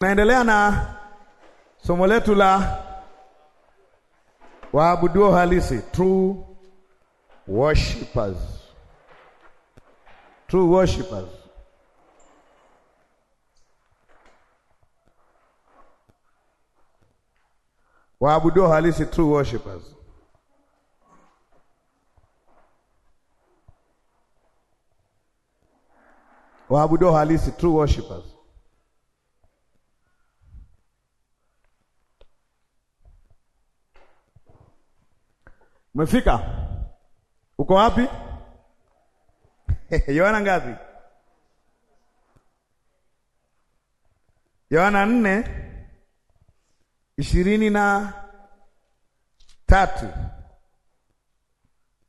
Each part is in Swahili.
Tunaendelea na somo letu la waabuduo halisi, true worshipers. True worshipers. Waabuduo halisi, true worshipers. Waabuduo halisi, true worshipers. Umefika? Uko wapi? Yohana ngapi? Yohana nne ishirini na tatu.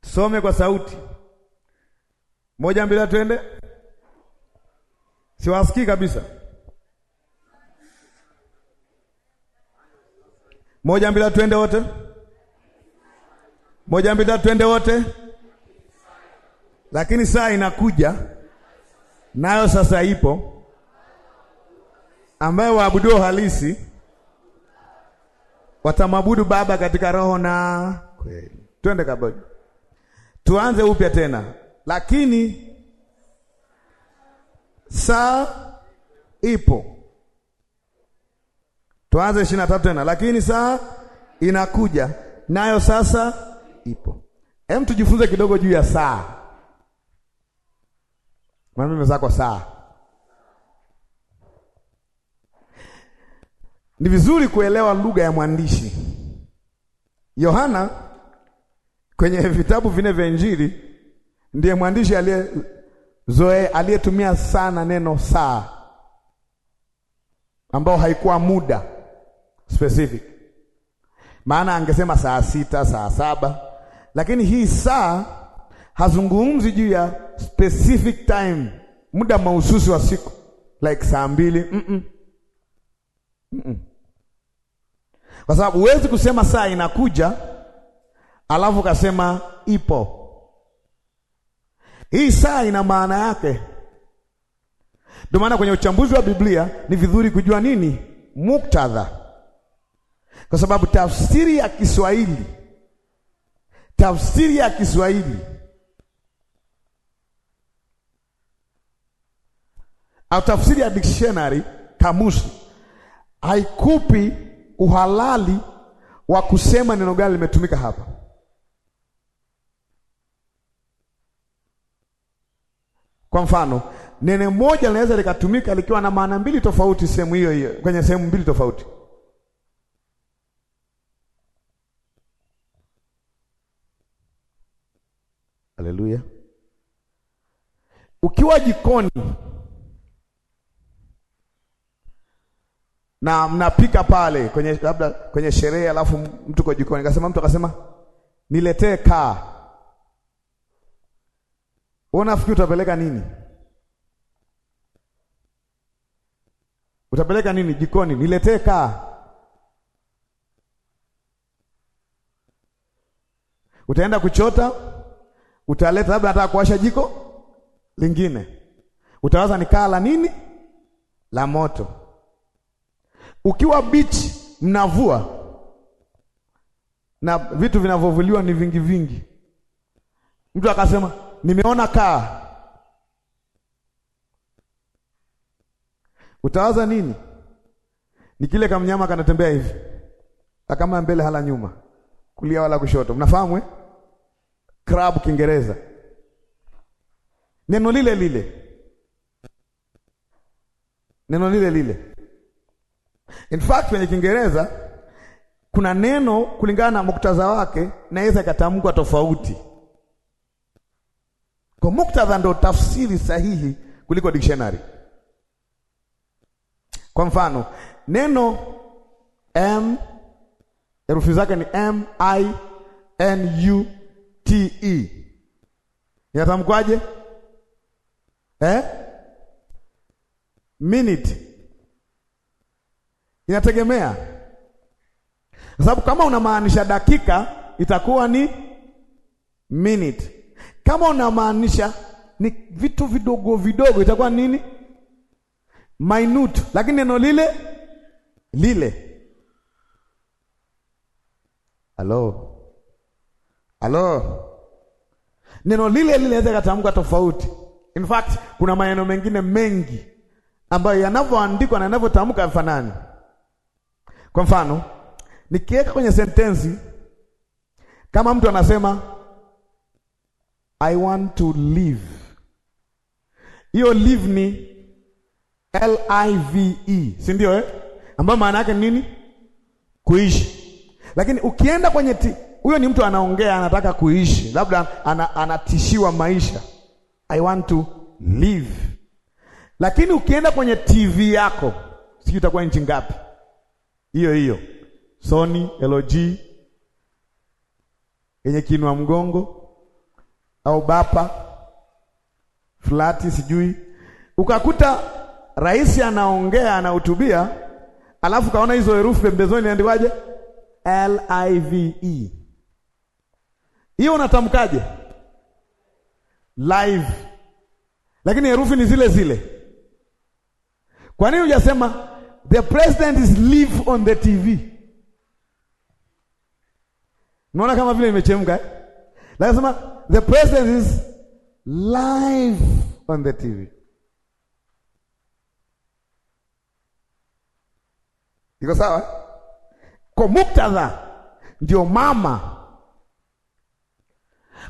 Tusome kwa sauti moja mbili, twende. Siwasikii kabisa. Moja mbili, twende wote. Moja, mbili, tatu, twende wote. Lakini saa inakuja nayo sasa ipo, ambayo waabuduo halisi watamwabudu Baba katika roho na kweli. Twende kaboja, tuanze upya tena. Lakini saa ipo, tuanze ishirini na tatu tena. Lakini saa inakuja nayo sasa ipo. Hem, tujifunze kidogo juu ya saa. Mwanamke mezako saa. Ni vizuri kuelewa lugha ya mwandishi. Yohana kwenye vitabu vine vya Injili ndiye mwandishi aliyezoea aliyetumia sana neno saa, ambao haikuwa muda specific, maana angesema saa sita, saa saba lakini hii saa hazungumzi juu ya specific time, muda mahususi wa siku like saa mbili mm -mm. Mm -mm. Kwa sababu huwezi kusema saa inakuja alafu kasema ipo. Hii saa ina maana yake. Ndio maana kwenye uchambuzi wa Biblia ni vizuri kujua nini muktadha, kwa sababu tafsiri ya Kiswahili tafsiri ya Kiswahili au tafsiri ya dictionary kamusi haikupi uhalali wa kusema neno gani limetumika hapa. Kwa mfano, neno moja linaweza likatumika likiwa na maana mbili tofauti sehemu hiyo hiyo, kwenye sehemu mbili tofauti. Haleluya. Ukiwa jikoni na mnapika pale kwenye labda kwenye sherehe, alafu mtu kwa jikoni kasema, mtu akasema niletee kaa, unafikiri utapeleka nini? Utapeleka nini jikoni? Niletee kaa. Utaenda kuchota utaleta labda hata kuwasha jiko lingine, utawaza kaa la nini la moto. Ukiwa bichi mnavua na vitu vinavyovuliwa ni vingi vingi, mtu akasema nimeona kaa, utawaza nini? Ni kile kamnyama kanatembea hivi, akama mbele hala nyuma, kulia wala kushoto, mnafahamu eh? krabu Kiingereza, neno lile lile, neno lile lile. In fact kwenye Kiingereza kuna neno kulingana na muktadha wake naweza ikatamkwa tofauti. Kwa muktadha ndo tafsiri sahihi kuliko dictionary. Kwa mfano neno m herufi zake ni m i n u T E inatamkwaje? Eh, minute inategemea, kwa sababu kama unamaanisha dakika itakuwa ni minute, kama unamaanisha ni vitu vidogo vidogo itakuwa nini? Minute, lakini neno lile lile. Hello. Halo, neno lile lile linaweza katamka tofauti. In fact, kuna maneno mengine mengi ambayo yanavyoandikwa na yanavyotamka yafanani. Kwa mfano, nikiweka kwenye sentensi kama mtu anasema I want to live, hiyo live ni L I V E, si ndio eh? Ambayo maana yake nini? Kuishi. Lakini ukienda kwenye ti huyo ni mtu anaongea, anataka kuishi, labda ana, anatishiwa maisha. I want to live. Lakini ukienda kwenye TV yako, sijui itakuwa nchi ngapi hiyo hiyo, Sony, LG yenye kinua mgongo au bapa fulati, sijui ukakuta rais anaongea, anahutubia, alafu kaona hizo herufi pembezoni inaandikwaje? L I V E hiyo unatamkaje? Live, lakini herufi ni zile zile. Kwa nini hujasema the president is live on the TV? Naona kama vile imechemka eh? Lazima the president is live on the TV. Iko sawa? Kwa muktadha ndio mama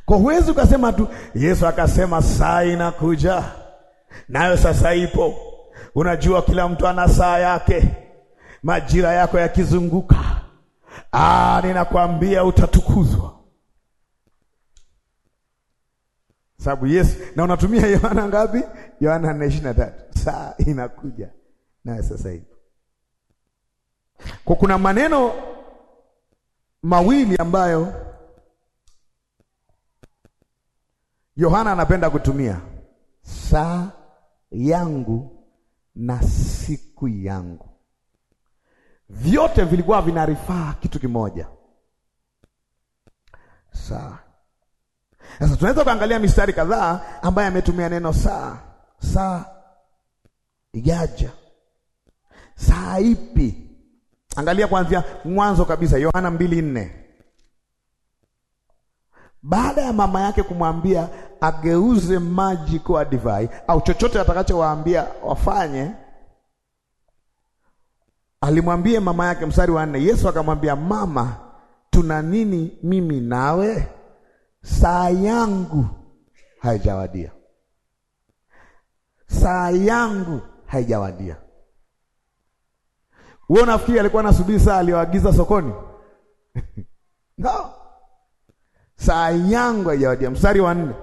kwa huwezi ukasema tu Yesu akasema saa inakuja nayo sasa ipo. Unajua kila mtu ana saa yake, majira yako yakizunguka, ah, ninakwambia utatukuzwa, sababu Yesu na unatumia Yohana ngapi? Yohana nne ishirini na tatu, saa inakuja nayo sasa ipo. Kwa kuna maneno mawili ambayo Yohana anapenda kutumia saa yangu na siku yangu, vyote vilikuwa vinarifaa kitu kimoja, saa. Sasa tunaweza kuangalia mistari kadhaa ambayo ametumia neno saa. Saa ijaja, saa ipi? Angalia kuanzia mwanzo kabisa, Yohana mbili nne baada ya mama yake kumwambia ageuze maji kuwa divai au chochote atakachowaambia wafanye, alimwambia mama yake, mstari wa nne, Yesu akamwambia mama, tuna nini mimi nawe? Saa yangu haijawadia, saa yangu haijawadia. Wewe unafikiri alikuwa anasubiri saa aliyoagiza sokoni? no saa yangu haijawadia. Mstari wa nne,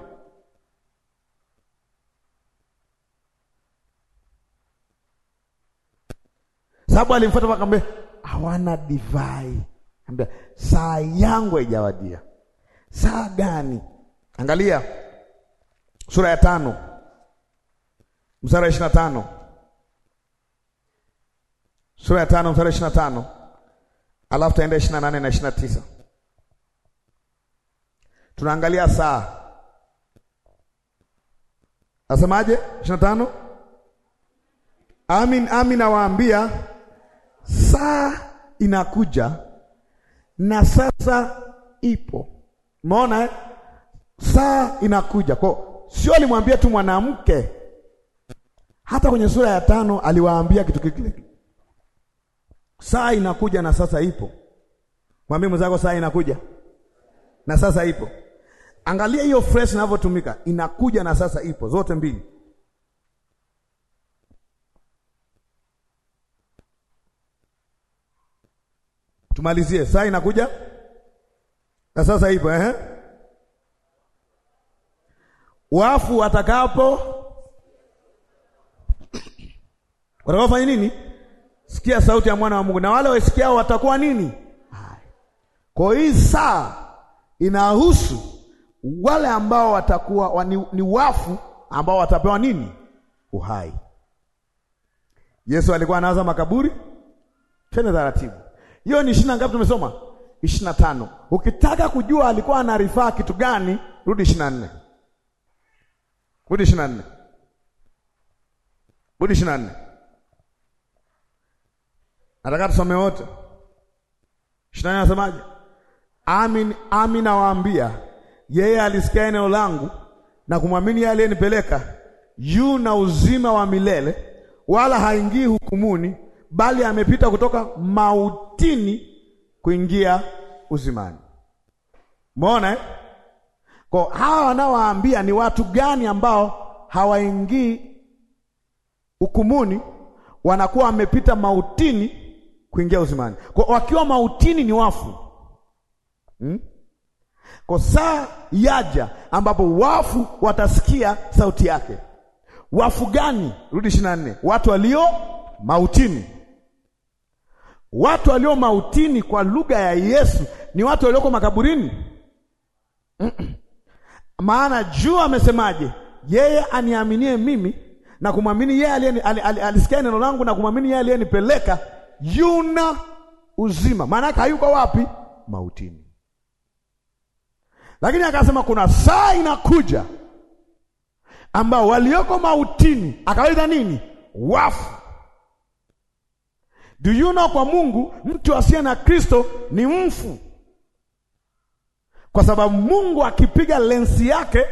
sababu alimfuata mpaka hawana divai, ambia saa yangu haijawadia. Saa gani? Angalia sura ya tano mstari wa ishirini na tano sura ya tano mstari wa ishirini na tano alafu taenda ishirini na nane na ishirini na tisa tunaangalia saa. Nasemaje? 25 Amin, amin nawaambia saa inakuja na sasa ipo. Umeona eh? Saa inakuja. Kwa sio alimwambia tu mwanamke, hata kwenye sura ya tano aliwaambia kitu kile, saa inakuja na sasa ipo. Mwambie mwenzako, saa inakuja na sasa ipo. Angalia hiyo phrase inavyotumika, inakuja na sasa ipo zote mbili. Tumalizie saa inakuja na sasa ipo eh? Wafu watakapo watakaofanya nini? Sikia sauti ya mwana wa Mungu, na wale waisikiao watakuwa nini? Kwa hii saa inahusu wale ambao watakuwa wani, ni wafu ambao watapewa nini? Uhai. Yesu alikuwa anaanza makaburi. tena taratibu. Hiyo ni ishirini na ngapi tumesoma? ishirini na tano. Ukitaka kujua alikuwa anarifaa kitu gani, rudi ishirini na nne. Rudi ishirini na nne. Rudi ishirini na nne. Nataka tusome wote. Ishirini na nne anasemaje? Amin, amin nawaambia yeye alisikia eneo langu na kumwamini yeye aliyenipeleka, yu na uzima wa milele, wala haingii hukumuni, bali amepita kutoka mautini kuingia uzimani. Umeona eh? Kwa hawa wanaowaambia ni watu gani ambao hawaingii hukumuni, wanakuwa wamepita mautini kuingia uzimani. Kwa wakiwa mautini ni wafu hmm? Kwa saa yaja ambapo wafu watasikia sauti yake. Wafu gani? Rudi ishirini na nne. Watu walio mautini. Watu walio mautini kwa lugha ya Yesu ni watu walioko makaburini. Mm -mm. Maana juu amesemaje? Yeye aniaminie mimi na kumwamini yeye alisikia ali, ali, ali, neno langu na kumwamini yeye aliyenipeleka yuna uzima. Maana yake hayuko wapi? Mautini. Lakini akasema kuna saa inakuja ambao walioko mautini akawaita nini? Wafu. Do you know, kwa Mungu mtu asiye na Kristo ni mfu, kwa sababu Mungu akipiga lensi yake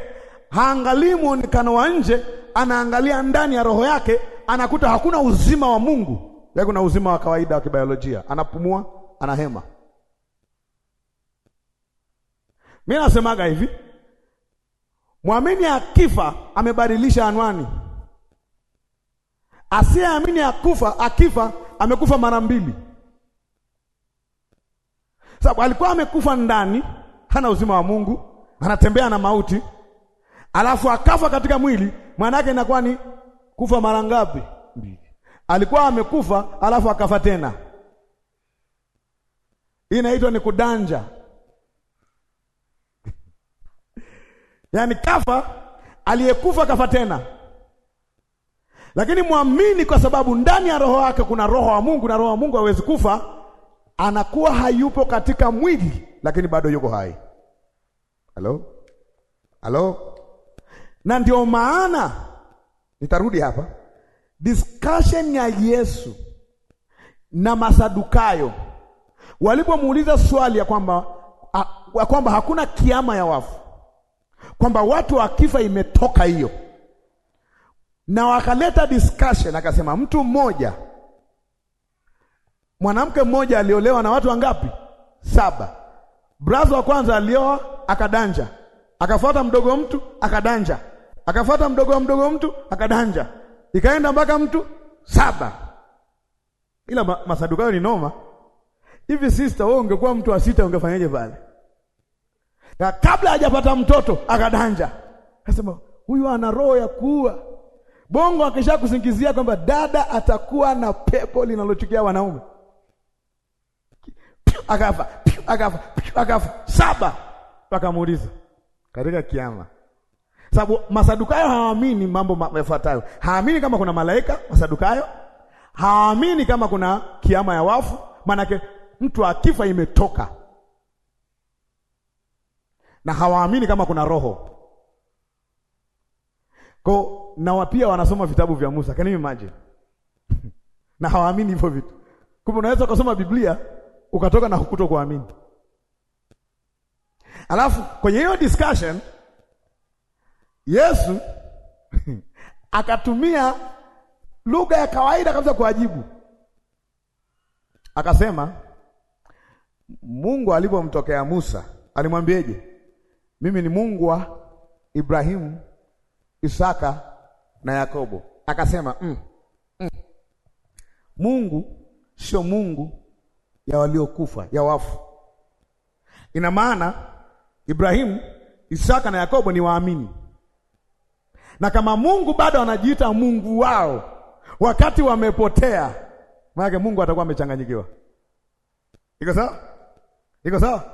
haangalii mwonekano wa nje, anaangalia ndani ya roho yake, anakuta hakuna uzima wa Mungu, kuna uzima wa kawaida wa kibiolojia, anapumua, anahema Mi nasemaga hivi, mwamini akifa amebadilisha anwani, asiyeamini akufa akifa amekufa mara mbili, sababu alikuwa amekufa ndani, hana uzima wa Mungu, anatembea na mauti, alafu akafa katika mwili. Maana yake inakuwa ni kufa mara ngapi? Mbili. Alikuwa amekufa alafu akafa tena, inaitwa ni kudanja yaani kafa, aliyekufa kafa tena, lakini mwamini, kwa sababu ndani ya roho yake kuna roho wa Mungu, na roho wa Mungu hawezi kufa. Anakuwa hayupo katika mwili, lakini bado yuko hai. Halo, halo. Na ndio maana nitarudi hapa, discussion ya Yesu na Masadukayo walipomuuliza swali ya kwamba, a, kwamba hakuna kiama ya wafu kwamba watu wakifa imetoka hiyo, na wakaleta discussion, akasema mtu mmoja, mwanamke mmoja aliolewa na watu wangapi? Saba. Brazo wa kwanza alioa akadanja, akafuata mdogo mtu akadanja, akafuata mdogo wa mdogo mtu akadanja, ikaenda mpaka mtu saba. Ila Masadukayo ni noma hivi. Sister, wewe ungekuwa mtu wa sita ungefanyaje pale? na kabla hajapata mtoto akadanja, akasema huyu ana roho ya kuua. Bongo akisha kusingizia kwamba dada atakuwa na pepo linalochukia wanaume, akafa akafa akafa saba, wakamuuliza katika kiama sababu Masadukayo hawaamini mambo yafuatayo. Haamini kama kuna malaika Masadukayo, hawaamini kama kuna kiama ya wafu. Maanake mtu akifa imetoka, na hawaamini kama kuna roho ko na pia wanasoma vitabu vya Musa. Can you imagine? na hawaamini hivyo vitu. Kumbe unaweza ukasoma Biblia ukatoka na hukuto kuamini. Alafu kwenye hiyo discussion Yesu akatumia lugha ya kawaida kabisa kuajibu, akasema Mungu alipomtokea Musa alimwambieje? mimi ni Mungu wa Ibrahimu, Isaka na Yakobo. Akasema mm, mm. Mungu sio Mungu ya waliokufa, ya wafu. Ina maana Ibrahimu, Isaka na Yakobo ni waamini, na kama Mungu bado anajiita Mungu wao wakati wamepotea, maana Mungu atakuwa amechanganyikiwa. Iko sawa? Iko sawa?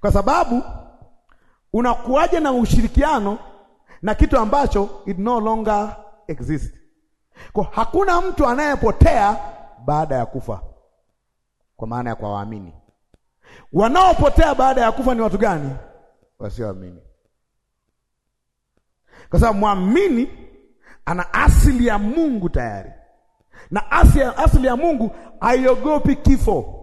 Kwa sababu Unakuwaje na ushirikiano na kitu ambacho it no longer exists? Kwa hakuna mtu anayepotea baada ya kufa, kwa maana ya kwa waamini. Wanaopotea baada ya kufa ni watu gani? Wasioamini, kwa sababu mwamini ana asili ya Mungu tayari, na asili ya Mungu haiogopi kifo.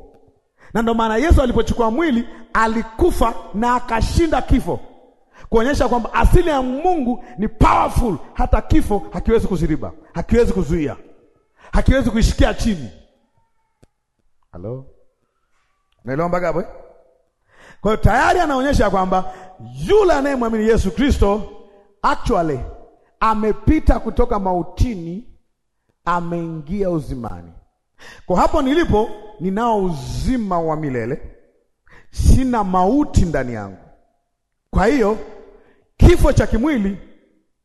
Na ndio maana Yesu alipochukua mwili alikufa na akashinda kifo, kuonyesha kwamba asili ya Mungu ni powerful, hata kifo hakiwezi kuziriba, hakiwezi kuzuia, hakiwezi kuishikia chini. Halo, naelewa mpaka hapo? Eh? Kwa hiyo tayari anaonyesha kwamba yule anayemwamini Yesu Kristo actually amepita kutoka mautini ameingia uzimani. Kwa hapo nilipo ninao uzima wa milele, sina mauti ndani yangu. Kwa hiyo kifo cha kimwili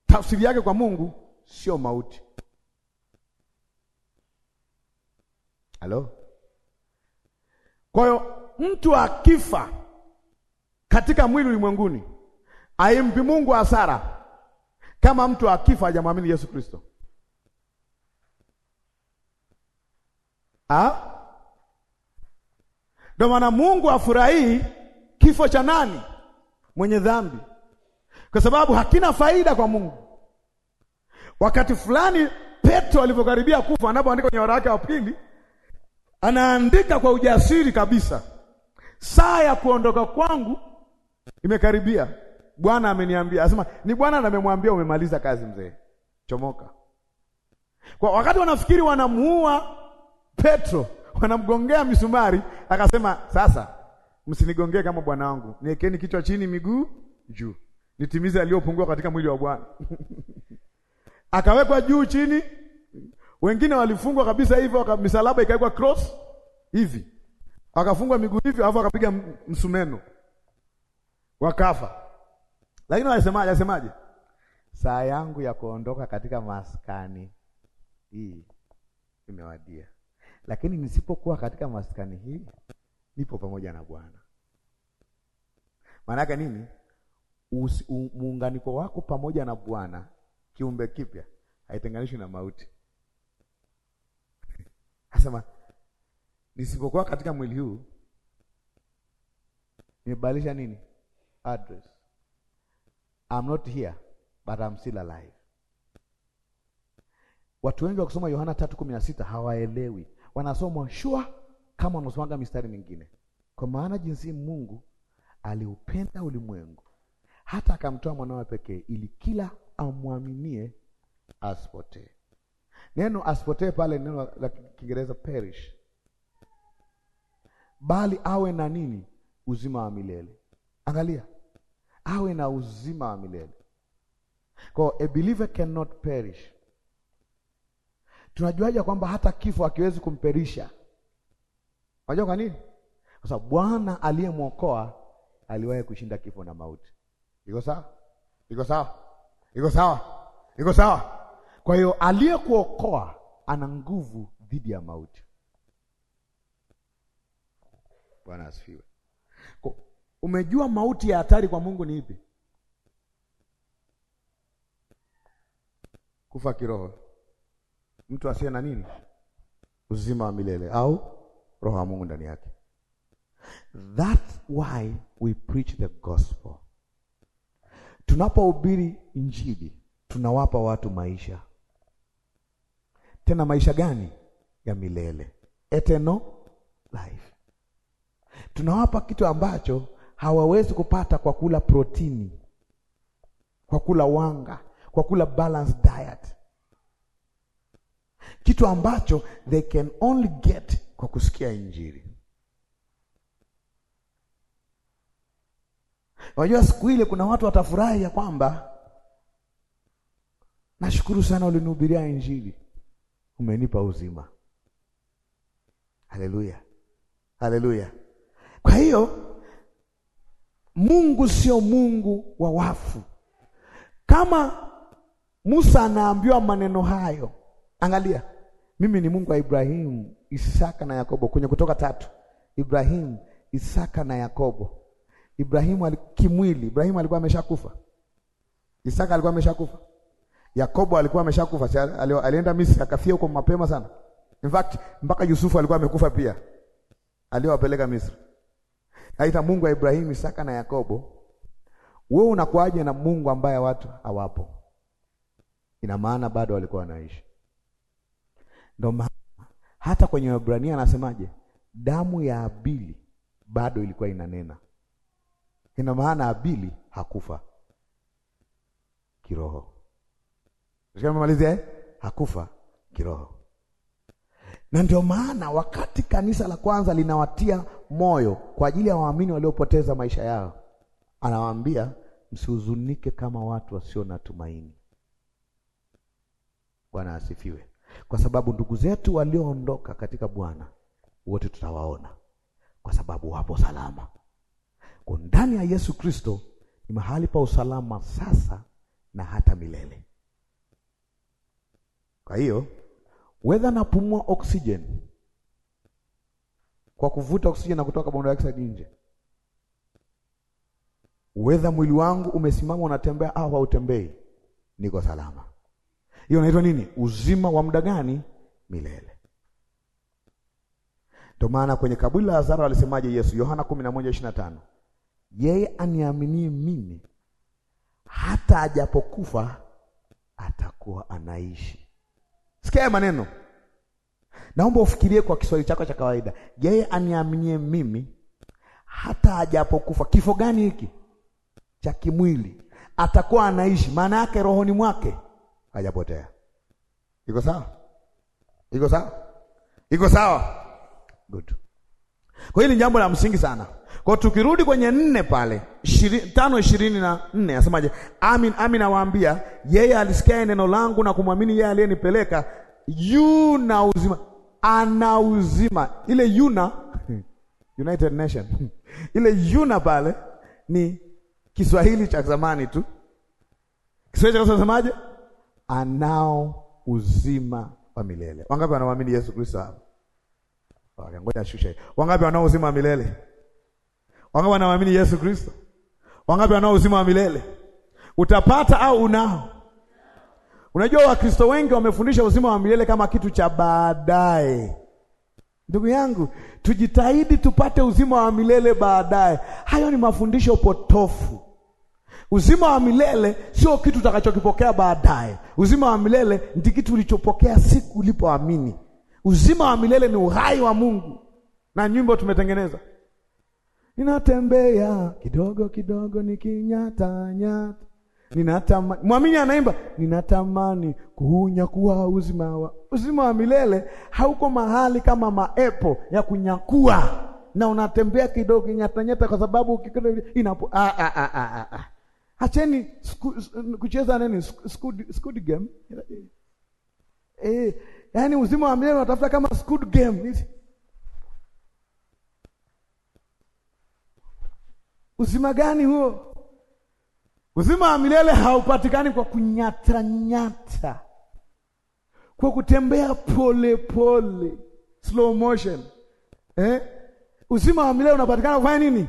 tafsiri yake kwa Mungu sio mauti. Halo? Kwa hiyo mtu akifa katika mwili ulimwenguni aimpi Mungu hasara kama mtu akifa hajamwamini Yesu Kristo. Ah? Ndio maana Mungu afurahii kifo cha nani? Mwenye dhambi, kwa sababu hakina faida kwa Mungu. Wakati fulani Petro alipokaribia kufa, anapoandika kwenye waraka wa pili, anaandika kwa ujasiri kabisa, saa ya kuondoka kwangu imekaribia, Bwana ameniambia. asema ni Bwana amemwambia, umemaliza kazi mzee, chomoka. Kwa wakati wanafikiri wanamuua Petro, wanamgongea misumari, akasema sasa msinigongee kama bwana wangu, niwekeni kichwa chini, miguu juu, nitimize aliyopungua katika mwili wa Bwana. Akawekwa juu chini, wengine walifungwa kabisa hivyo, misalaba ikawekwa cross hivi, akafungwa miguu hivyo, alafu akapiga msumeno, wakafa. Lakini alisemaje? Asemaje? saa yangu ya kuondoka katika maskani hii imewadia lakini nisipokuwa katika maskani hii nipo pamoja na Bwana. Maana yake nini? Muunganiko wako pamoja na Bwana, kiumbe kipya haitenganishwi na mauti. Asema nisipokuwa katika mwili huu nimebadilisha nini? Address. I'm not here but I'm still alive. Watu wengi wakisoma Yohana 3:16 hawaelewi wanasomwa shua kama wanasomaga mistari mingine, kwa maana jinsi Mungu aliupenda ulimwengu hata akamtoa mwanawe pekee, ili kila amwaminie asipotee. Neno asipotee pale neno la Kiingereza perish, bali awe na nini? Uzima wa milele. Angalia, awe na uzima wa milele. Kwa a believer cannot perish Tunajuaje kwamba hata kifo hakiwezi kumperisha? Unajua kwa nini? Kwa sababu Bwana aliyemwokoa aliwahi kushinda kifo na mauti. Iko sawa? Iko sawa? Iko sawa? Iko sawa? Kwa hiyo aliyekuokoa ana nguvu dhidi ya mauti. Bwana asifiwe. Umejua mauti ya hatari kwa Mungu ni ipi? Kufa kiroho mtu asiye na nini? Uzima wa milele au roho wa Mungu ndani yake. That's why we preach the gospel. Tunapohubiri Injili tunawapa watu maisha, tena maisha gani? Ya milele, eternal life. Tunawapa kitu ambacho hawawezi kupata kwa kula protini, kwa kula wanga, kwa kula balanced diet kitu ambacho they can only get kwa kusikia Injili. wajua siku ile kuna watu watafurahi ya kwamba nashukuru sana ulinihubiria Injili, umenipa uzima. Haleluya, haleluya. Kwa hiyo Mungu sio Mungu wa wafu. Kama Musa anaambiwa maneno hayo, angalia mimi ni Mungu wa Ibrahimu, Isaka na Yakobo, kwenye Kutoka tatu. Ibrahimu, Isaka na Yakobo. Ibrahimu kimwili, Ibrahimu alikuwa ameshakufa, Isaka alikuwa ameshakufa, Yakobo alikuwa ameshakufa, alienda Misri akafia huko mapema sana. In fact mpaka Yusufu alikuwa amekufa pia, aliowapeleka Misri. Naita Mungu wa Ibrahimu, Isaka na Yakobo. Wewe unakuaje na Mungu ambaye watu hawapo? Ina maana bado walikuwa wanaishi. Ndio maana hata kwenye Waebrania anasemaje? Damu ya Abili bado ilikuwa inanena. Ina maana Abili hakufa kiroho. Malizia eh? Hakufa kiroho. Na ndio maana wakati kanisa la kwanza linawatia moyo kwa ajili ya waamini waliopoteza maisha yao, anawaambia msihuzunike kama watu wasio na tumaini. Bwana asifiwe kwa sababu ndugu zetu walioondoka katika Bwana wote tutawaona, kwa sababu wapo salama. Kwa ndani ya Yesu Kristo ni mahali pa usalama sasa na hata milele. Kwa hiyo wedha napumua oksijeni kwa kuvuta oksijeni na kutoa kaboni dioksidi nje, wedha mwili wangu umesimama unatembea au hautembei, niko salama hiyo inaitwa nini? Uzima wa muda gani? Milele. Ndio maana kwenye kaburi la Lazaro alisemaje Yesu? Yohana 11:25, yeye aniaminie mimi hata ajapokufa atakuwa anaishi. Sikia maneno, naomba ufikirie kwa Kiswahili chako cha kawaida. Yeye aniaminie mimi hata ajapokufa. Kifo gani hiki cha kimwili? Atakuwa anaishi, maana yake rohoni mwake hajapotea. Iko sawa? Iko sawa? Iko sawa? Good. Kwa hili jambo la msingi sana. Kwa tukirudi kwenye nne pale tano ishirini na nne asemaje? Amin, amin nawaambia yeye alisikia neno langu na kumwamini yeye aliyenipeleka yu na uzima, ana uzima. Ile yuna United Nation ile yuna pale ni Kiswahili cha zamani tu. Kiswahili cha zamani anao uzima wa milele. Wangapi wanamwamini Yesu Kristo hapa? Okay, ngoja Wangapi wanao uzima wa milele? Wangapi wanamwamini Yesu Kristo? Wangapi wanao uzima wa milele? Utapata au unao? Unajua Wakristo wengi wamefundisha uzima wa milele kama kitu cha baadaye. Ndugu yangu, tujitahidi tupate uzima wa milele baadaye. Hayo ni mafundisho potofu. Uzima wa milele sio kitu utakachokipokea baadaye. Uzima wa milele ndi kitu ulichopokea siku ulipoamini. Uzima wa milele ni uhai wa Mungu, na nyimbo tumetengeneza, ninatembea kidogo kidogo, nikinyata nyata, ninatamani. Mwamini anaimba ninatamani kuunyakua uzima wa uzima wa milele. Hauko mahali kama maepo ya kunyakua, na unatembea kidogo nyata, kwa sababu inapo a a a a Acheni kucheza nini squid game eh, yani uzima wa milele unatafuta kama squid game hivi. Uzima gani huo? Uzima wa milele haupatikani kwa kunyatanyata, kwa kutembea pole pole, slow motion eh? Uzima wa milele unapatikana kwa nini?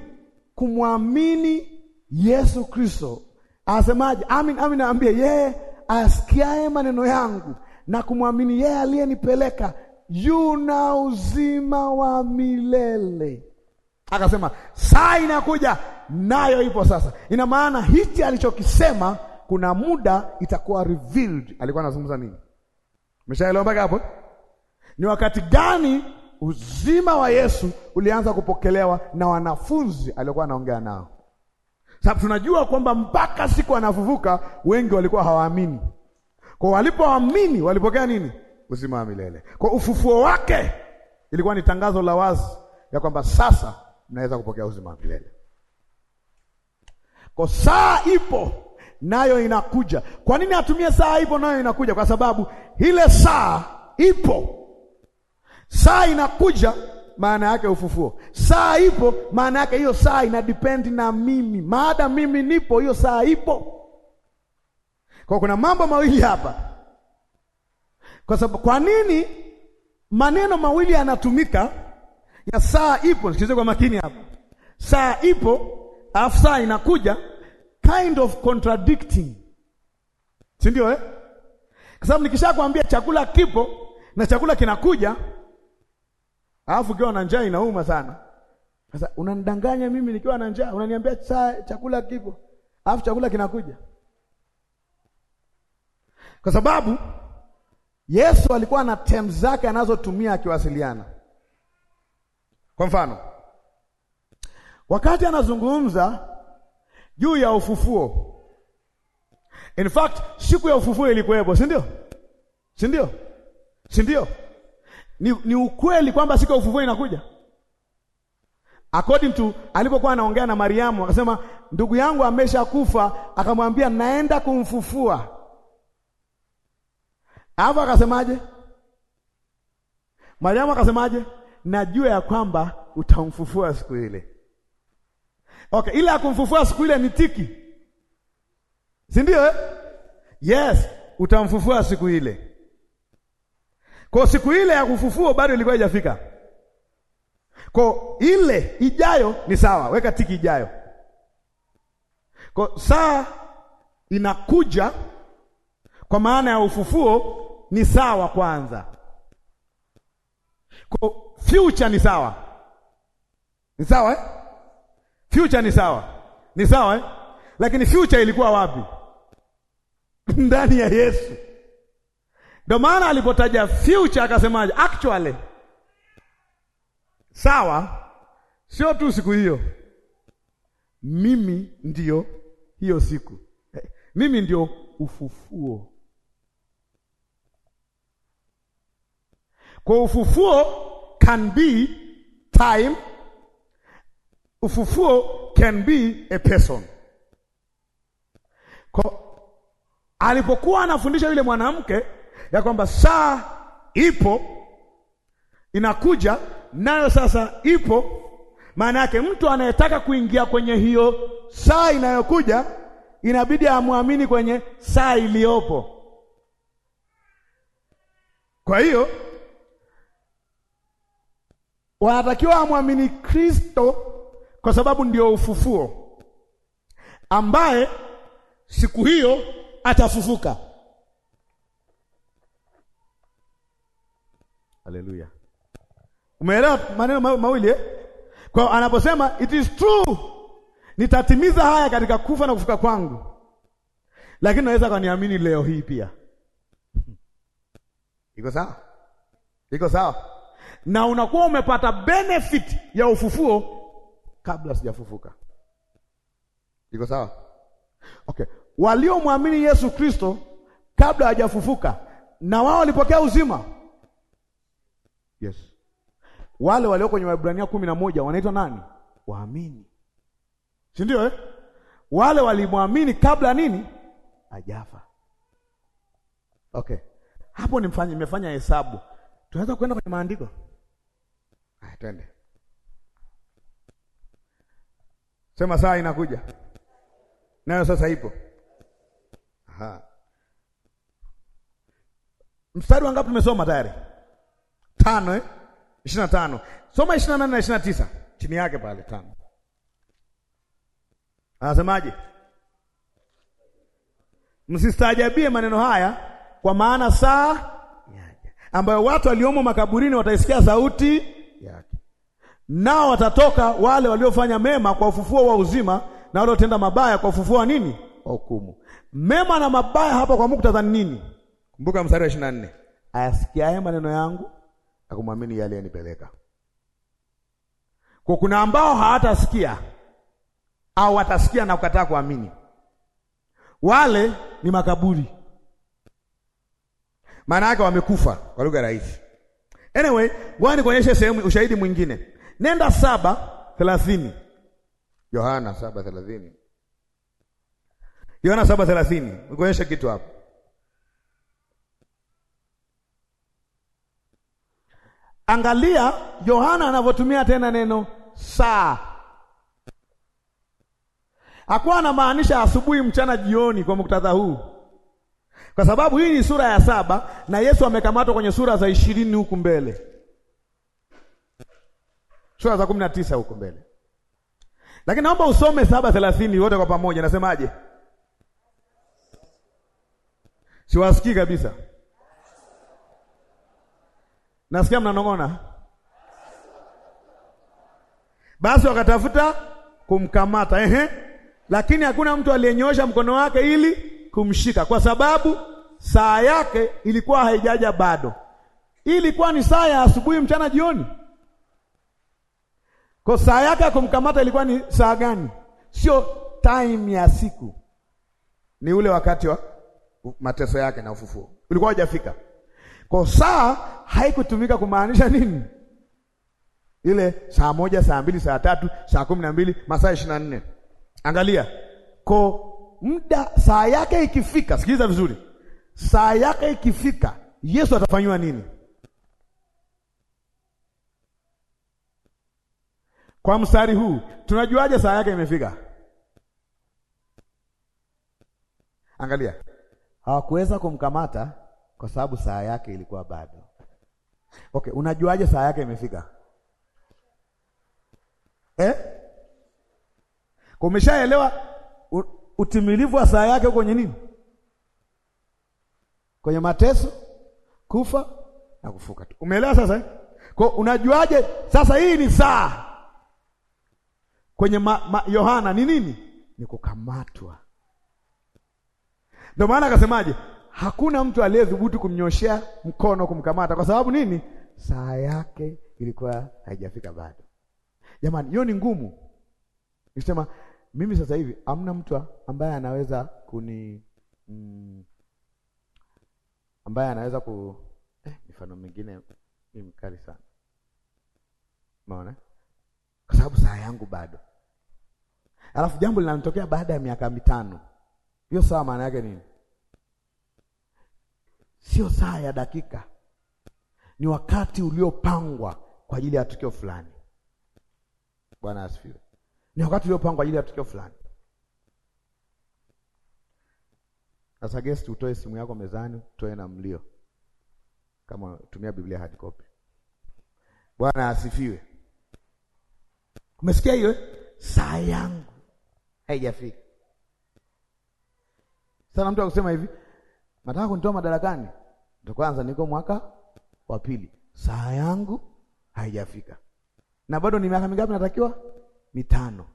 Kumwamini Yesu Kristo asemaje? Amin, amin naambia yeye asikiaye maneno yangu na kumwamini yeye aliyenipeleka yuna uzima wa milele. Akasema saa inakuja, nayo ipo sasa. Ina maana hichi alichokisema kuna muda itakuwa revealed. Alikuwa anazungumza nini? Umeshaelewa mpaka hapo? Ni wakati gani uzima wa Yesu ulianza kupokelewa na wanafunzi aliokuwa anaongea nao? Sababu tunajua kwamba mpaka siku anafufuka wengi walikuwa hawaamini. Kwa walipoamini walipokea nini? Uzima wa milele. Kwa ufufuo wake ilikuwa ni tangazo la wazi ya kwamba sasa mnaweza kupokea uzima wa milele. Kwa saa ipo nayo inakuja. Kwa nini atumie saa ipo nayo inakuja? Kwa sababu ile saa ipo, saa inakuja maana yake ufufuo. Saa ipo, maana yake hiyo saa ina depend na mimi, maada mimi nipo, hiyo saa ipo. Kwa kuna mambo mawili hapa, kwa sababu kwa nini maneno mawili yanatumika ya saa ipo? Sikilize kwa makini hapa, saa ipo alafu saa inakuja, kind of contradicting, si ndio eh? Kwa sababu nikishakwambia chakula kipo na chakula kinakuja Alafu ukiwa na njaa inauma sana. Sasa unanidanganya mimi nikiwa na njaa, unaniambia saa chakula kipo. Alafu chakula kinakuja. Kwa sababu Yesu alikuwa na terms zake anazotumia akiwasiliana. Kwa mfano, wakati anazungumza juu ya ufufuo. In fact, siku ya ufufuo ilikuwepo, si ndio? Si ndio? Si ndio? Ni, ni ukweli kwamba siku ya ufufuo inakuja. According to alipokuwa anaongea na Mariamu akasema, ndugu yangu ameshakufa, akamwambia naenda kumfufua. Hapo akasemaje? Mariamu akasemaje? Najua ya kwamba utamfufua siku ile. Okay, ile ya kumfufua siku ile ni tiki, si ndio? Eh? Yes, utamfufua siku ile. Kwa siku ile ya kufufuo bado ilikuwa haijafika. Kwa ile ijayo ni sawa, weka tiki ijayo. Kwa saa inakuja kwa maana ya ufufuo ni sawa kwanza. Kwa future ni sawa. Ni sawa eh? Future ni sawa. Ni sawa eh? Lakini future ilikuwa wapi? Ndani ya Yesu. Ndio maana alipotaja future akasemaje? Actually sawa, sio tu siku hiyo, mimi ndiyo hiyo siku, eh, mimi ndio ufufuo. Kwa ufufuo can be time, ufufuo can be a person. Kwa alipokuwa anafundisha yule mwanamke ya kwamba saa ipo inakuja nayo sasa ipo. Maana yake mtu anayetaka kuingia kwenye hiyo saa inayokuja inabidi amwamini kwenye saa iliyopo. Kwa hiyo wanatakiwa amwamini Kristo kwa sababu ndio ufufuo, ambaye siku hiyo atafufuka. Haleluya. Umeelewa maneno mawili eh? Kwa anaposema it is true, nitatimiza haya katika kufa na kufuka kwangu, lakini naweza kaniamini leo hii pia. Hmm. Iko sawa? Iko sawa? Na unakuwa umepata benefit ya ufufuo kabla sijafufuka. Iko sawa? Okay, waliomwamini Yesu Kristo kabla hajafufuka, na wao walipokea uzima Yes. Wale walio kwenye Waebrania kumi na moja wanaitwa nani? Waamini, si ndio eh? Wale walimwamini kabla nini ajafa. Okay, hapo nimfanye, nimefanya hesabu. Tunaweza kwenda kwenye maandiko Ah, twende. Sema saa inakuja nayo sasa ipo. Aha. Mstari wangapi tumesoma tayari? tano eh? ishirini na tano soma ishirini na nane na ishirini na tisa chini yake pale tano. Anasemaje? Msistaajabie maneno haya, kwa maana saa ambayo watu waliomo makaburini wataisikia sauti yake, nao watatoka, wale waliofanya mema kwa ufufuo wa uzima, na wale waliotenda mabaya kwa ufufuo wa nini? Wa hukumu. Mema na mabaya hapa kwa muktadha ni nini? Kumbuka mstari wa ishirini na nne, ayasikiaye maneno yangu na kumwamini yale yanipeleka. Kwa kuna ambao hawatasikia au watasikia na kukataa kuamini, wale ni makaburi, maana yake wamekufa, kwa lugha rahisi. Anyway, ngoja nikuonyeshe sehemu ushahidi mwingine. Nenda saba thelathini Yohana saba thelathini Yohana saba thelathini nikuonyeshe kitu hapo. Angalia Yohana anavyotumia tena neno saa. Hakuwa anamaanisha asubuhi, mchana, jioni kwa muktadha huu, kwa sababu hii ni sura ya saba na Yesu amekamatwa kwenye sura za ishirini huku mbele, sura za kumi na tisa huku mbele. Lakini naomba usome saba thelathini wote kwa pamoja. Nasemaje? Siwasikii kabisa. Nasikia mnanong'ona, basi wakatafuta kumkamata. Ehe, lakini hakuna mtu aliyenyoosha mkono wake ili kumshika, kwa sababu saa yake ilikuwa haijaja bado. ilikuwa ni saa ya asubuhi, mchana, jioni. Kwa saa yake ya kumkamata ilikuwa ni saa gani? Sio time ya siku, ni ule wakati wa mateso yake na ufufuo, ulikuwa hajafika. Kwa saa haikutumika kumaanisha nini? Ile saa moja, saa mbili, saa tatu, saa kumi na mbili, masaa ishirini na nne. Angalia ko muda, saa yake ikifika, sikiliza vizuri, saa yake ikifika, Yesu atafanyiwa nini? Kwa mstari huu tunajuaje saa yake imefika? Angalia, hawakuweza kumkamata kwa sababu saa yake ilikuwa bado. Okay, unajuaje saa yake imefika eh? Kumeshaelewa utimilivu wa saa yake kwenye nini? Kwenye mateso, kufa na kufuka tu. Umeelewa sasa? Eh? Kwa unajuaje sasa hii ni saa kwenye Yohana ni nini? Ni kukamatwa. Ndio maana akasemaje? Hakuna mtu aliyethubutu kumnyoshea mkono kumkamata, kwa sababu nini? Saa yake ilikuwa haijafika bado. Jamani, hiyo ni ngumu. Nikisema mimi sasa hivi amna mtu ambaye anaweza kuni mm, ambaye anaweza ku eh, mifano mingine ni mkali sana, umeona, kwa sababu saa yangu bado. Alafu jambo linanitokea baada ya miaka mitano. Hiyo saa maana yake nini? sio saa ya dakika, ni wakati uliopangwa kwa ajili ya tukio fulani. Bwana asifiwe. Ni wakati uliopangwa kwa ajili ya tukio fulani. Sasa guest, utoe simu yako mezani, utoe na mlio, kama tumia Biblia hard copy. Bwana asifiwe. Umesikia hiyo? Eh? Saa yangu haijafika. sana mtu akusema hivi Nataka kunitoa madarakani. Ndio kwanza niko mwaka wa pili. Saa yangu haijafika. Na bado ni miaka mingapi natakiwa? Mitano.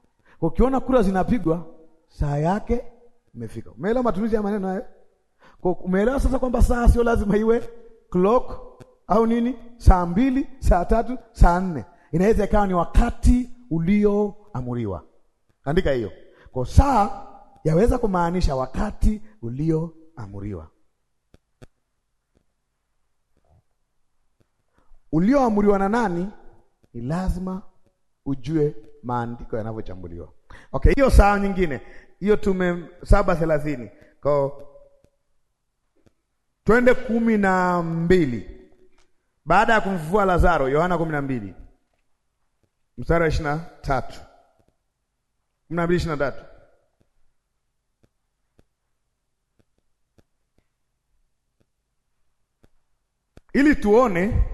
Ukiona kura zinapigwa, saa yake imefika. Umeelewa matumizi ya maneno hayo? Kwa umeelewa sasa kwamba saa sio lazima iwe clock au nini? Saa mbili, saa tatu, saa nne. Inaweza ikawa ni wakati ulioamuriwa. Andika hiyo. Kwa saa yaweza kumaanisha wakati ulioamuriwa. ulioamriwa na nani, ni lazima ujue maandiko yanavyochambuliwa. Okay, hiyo saa nyingine hiyo tume saba thelathini ko twende kumi na mbili baada ya kumfufua Lazaro, Yohana kumi na mbili mstari wa ishirini na tatu kumi na mbili ishirini na tatu ili tuone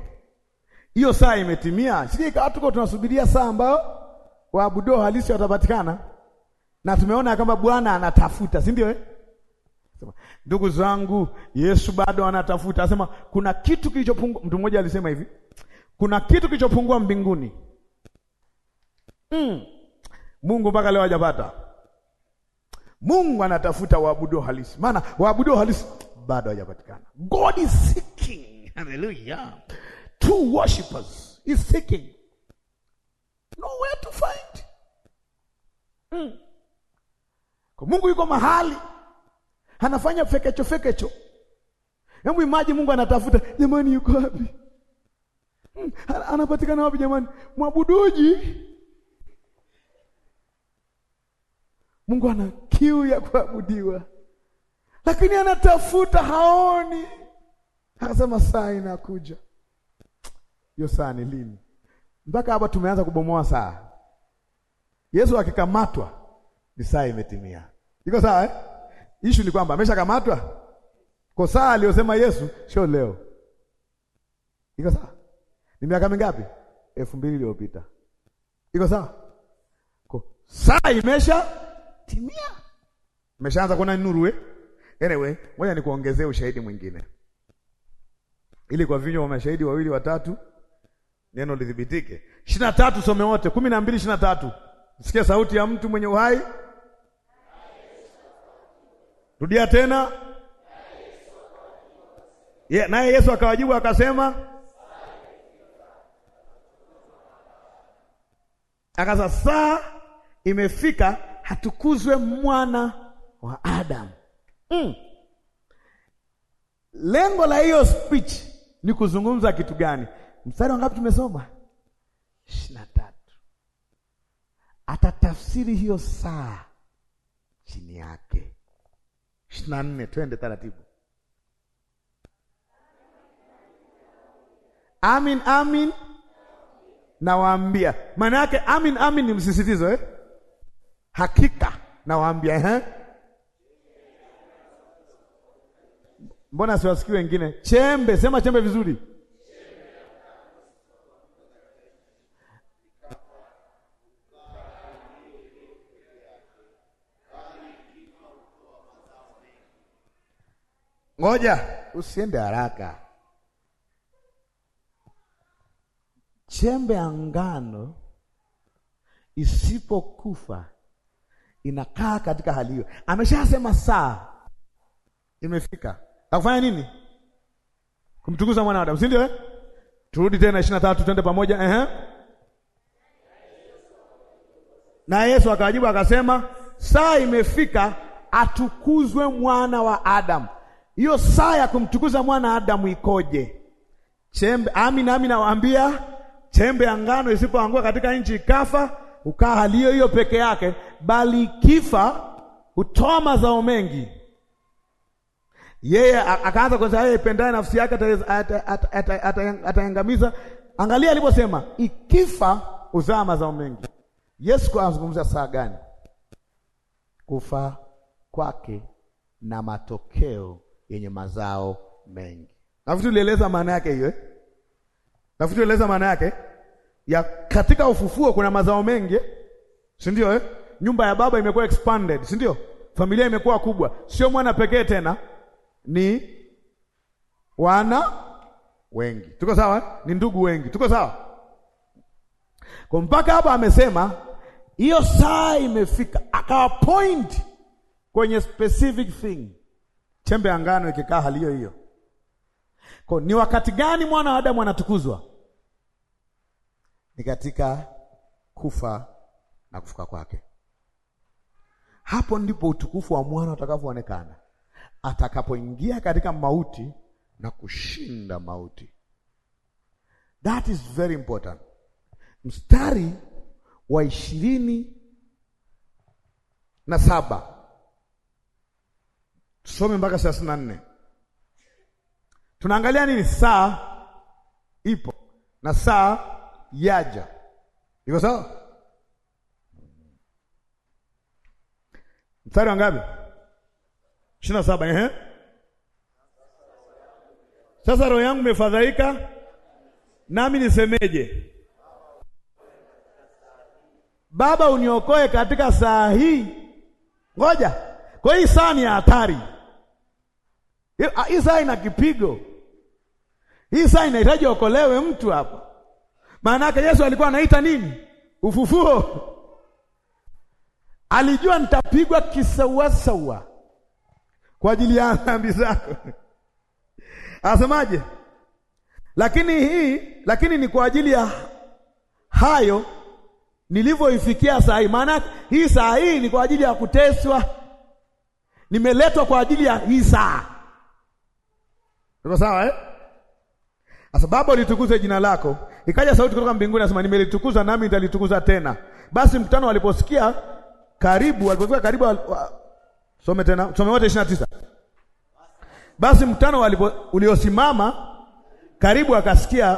hiyo saa imetimia. Sisi tunasubiria saa ambayo waabudu halisi watapatikana, na tumeona kwamba Bwana anatafuta, si ndio eh? Ndugu zangu, Yesu bado anatafuta. Anasema kuna kitu kilichopungua. Mtu mmoja alisema hivi, kuna kitu kilichopungua mbinguni mm. Mungu mpaka leo hajapata. Mungu anatafuta waabudu halisi, maana waabudu halisi bado hajapatikana. God is seeking. Hallelujah true worshippers is seeking. Nowhere to find. Mm. Kwa Mungu yuko mahali anafanya fekecho fekecho. Hebu imaji Mungu anatafuta, jamani yuko wapi? Mm. Anapatikana wapi jamani? Mwabuduji. Mungu ana kiu ya kuabudiwa, lakini anatafuta haoni. Akasema saa inakuja hiyo saa ni lini? Mpaka hapa tumeanza kubomoa saa. Yesu akikamatwa ni saa imetimia. Iko sawa eh? Issue ni kwamba ameshakamatwa kwa saa aliyosema Yesu, sio leo. Iko sawa? Ni miaka mingapi? elfu mbili iliyopita. Iko sawa? Kwa saa imesha timia. Imeshaanza kuona nuru eh? Anyway, ngoja nikuongezee ushahidi mwingine. Ili kwa vinywa wa mashahidi wawili watatu neno lidhibitike. ishirini na tatu, some wote kumi na mbili ishirini na tatu. Msikie sauti ya mtu mwenye uhai. Rudia tena. Yeah, naye Yesu akawajibu akasema, akasa saa imefika hatukuzwe mwana wa Adamu. Mm. Lengo la hiyo speech ni kuzungumza kitu gani? Mstari wangapi tumesoma? ishirini na tatu. Atatafsiri hiyo saa chini yake. ishirini na nne, twende taratibu. Amin, amin nawaambia. Maana yake amin, amin ni msisitizo eh? Hakika nawaambia eh? Mbona siwasikii wengine? Chembe, sema chembe vizuri. Ngoja usiende haraka. Chembe ya ngano isipokufa inakaa katika hali hiyo. Ameshasema saa imefika akufanya nini? Kumtukuza mwana wa Adamu, si ndio eh? Turudi tena ishirini na tatu, twende pamoja eh. Na Yesu akajibu akasema, saa imefika atukuzwe mwana wa Adamu hiyo saa ya kumtukuza mwana Adamu ikoje? Chembe ami nami nawaambia, chembe ya ngano isipoangua katika nchi ikafa, ukaa hali hiyo hiyo peke yake, bali ikifa hutoa mazao mengi. Yeye akaanza kwanza, yeye pendaye nafsi yake ataiangamiza Angalia aliposema ikifa uzaa mazao mengi. Yesu anazungumza saa gani? Kufa kwake na matokeo yenye mazao mengi. Nafikiri tulieleza maana yake hiyo eh? Nafikiri tulieleza maana yake ya katika ufufuo kuna mazao mengi eh? si ndio eh? Nyumba ya baba imekuwa expanded, si ndio? Familia imekuwa kubwa, sio mwana pekee tena, ni wana wengi. Tuko sawa eh? Ni ndugu wengi. Tuko sawa? Kwa mpaka hapa amesema hiyo saa imefika, akawapoint kwenye specific thing chembe ya ngano ikikaa hali hiyo hiyo. Kwa ni wakati gani mwana wa Adamu anatukuzwa? Ni katika kufa na kufuka kwake. Hapo ndipo utukufu wa mwana utakapoonekana, atakapoingia katika mauti na kushinda mauti. That is very important. Mstari wa ishirini na saba Some mpaka thelathini na nne. Tunaangalia nini? Saa ipo na saa yaja. Iko sawa? Mstari wa ngapi? ishirini na saba. Ehe, sasa roho yangu imefadhaika, nami nisemeje? Baba uniokoe katika saa hii. Ngoja, kwa hii saa ni hatari. Ah, hii saa ina kipigo, hii saa inahitaji okolewe mtu hapa. Maana yake Yesu alikuwa anaita nini? Ufufuo. Alijua nitapigwa kisawasawa kwa ajili ya dhambi zako. Asemaje? Lakini hii lakini ni kwa ajili ya hayo nilivyoifikia saa hii. Maana hii saa hii ni kwa ajili ya kuteswa, nimeletwa kwa ajili ya hii saa Uko sawa eh? Sababu litukuze jina lako. Ikaja sauti kutoka mbinguni nasema nimelitukuza nami nitalitukuza tena. Basi mkutano waliposikia karibu walipofika karibu wa, some tena some wote 29. Basi mkutano walipo uliosimama karibu akasikia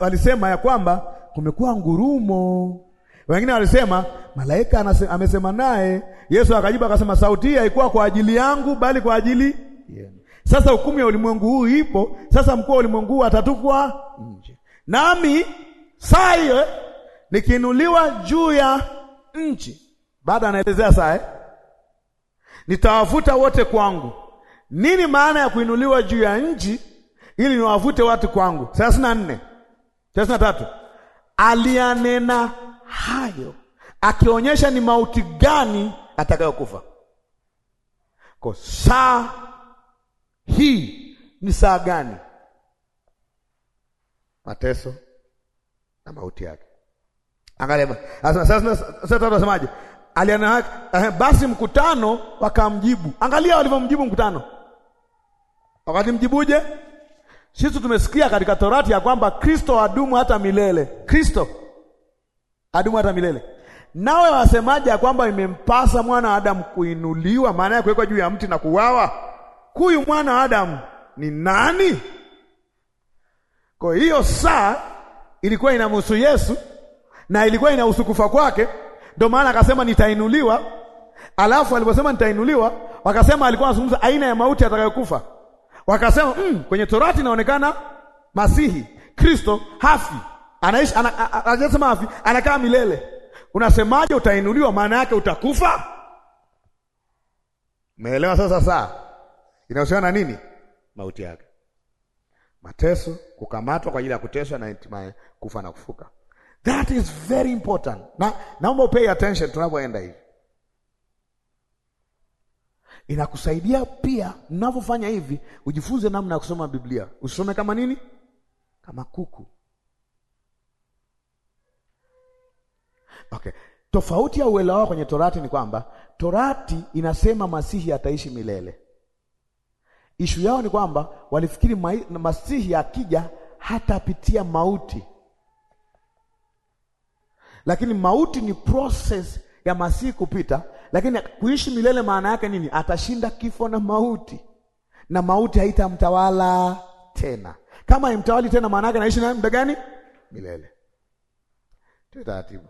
walisema ya kwamba kumekuwa ngurumo. Wengine walisema malaika anasema, amesema naye. Yesu akajibu akasema sauti hii haikuwa kwa ajili yangu bali kwa ajili yenu. Yeah. Sasa hukumu ya ulimwengu huu ipo sasa, mkuu wa ulimwengu huu atatupwa nje, nami saa hiyo nikiinuliwa juu ya nchi. Baada anaelezea saa eh, nitawavuta wote kwangu. Nini maana ya kuinuliwa juu ya nchi? Ili niwavute watu kwangu. thelathini na nne thelathini na tatu alianena hayo akionyesha ni mauti gani atakayokufa kwa saa hii ni saa gani? Mateso na mauti yake. Angalia sasa, tunasemaje? Aliana basi, mkutano wakamjibu. Angalia walivyomjibu mkutano, wakati mjibuje? Sisi tumesikia katika Torati ya kwamba Kristo adumu hata milele, Kristo adumu hata milele. Nawe wasemaje ya kwamba imempasa mwana wa Adamu kuinuliwa, maana ya kuwekwa juu ya mti na kuuawa? huyu mwana Adamu ni nani? Kwa hiyo saa ilikuwa inamhusu Yesu na ilikuwa inahusu kufa kwake, ndio maana akasema nitainuliwa. Alafu aliposema nitainuliwa, wakasema alikuwa anazungumza aina ya mauti atakayokufa. Wakasema mm, kwenye Torati inaonekana Masihi Kristo hafi, anaishi anasema hafi, anakaa milele. Unasemaje utainuliwa? Maana yake utakufa. Umeelewa sasa? saa inahusiana na nini? Mauti yake, mateso, kukamatwa kwa ajili ya kuteswa na hatimaye kufa na kufuka. That is very important. Na naomba pay attention tunapoenda hivi, inakusaidia pia mnavyofanya hivi, ujifunze namna ya kusoma Biblia. Usome kama nini? Kama kuku. Okay. Tofauti ya uelewa kwenye Torati ni kwamba Torati inasema Masihi ataishi milele. Ishu yao ni kwamba walifikiri masihi akija hatapitia mauti, lakini mauti ni process ya masihi kupita, lakini kuishi milele maana yake nini? Atashinda kifo na mauti, na mauti haitamtawala tena. Kama imtawali tena, maana yake naishi na muda gani? Milele. Tuwe taratibu.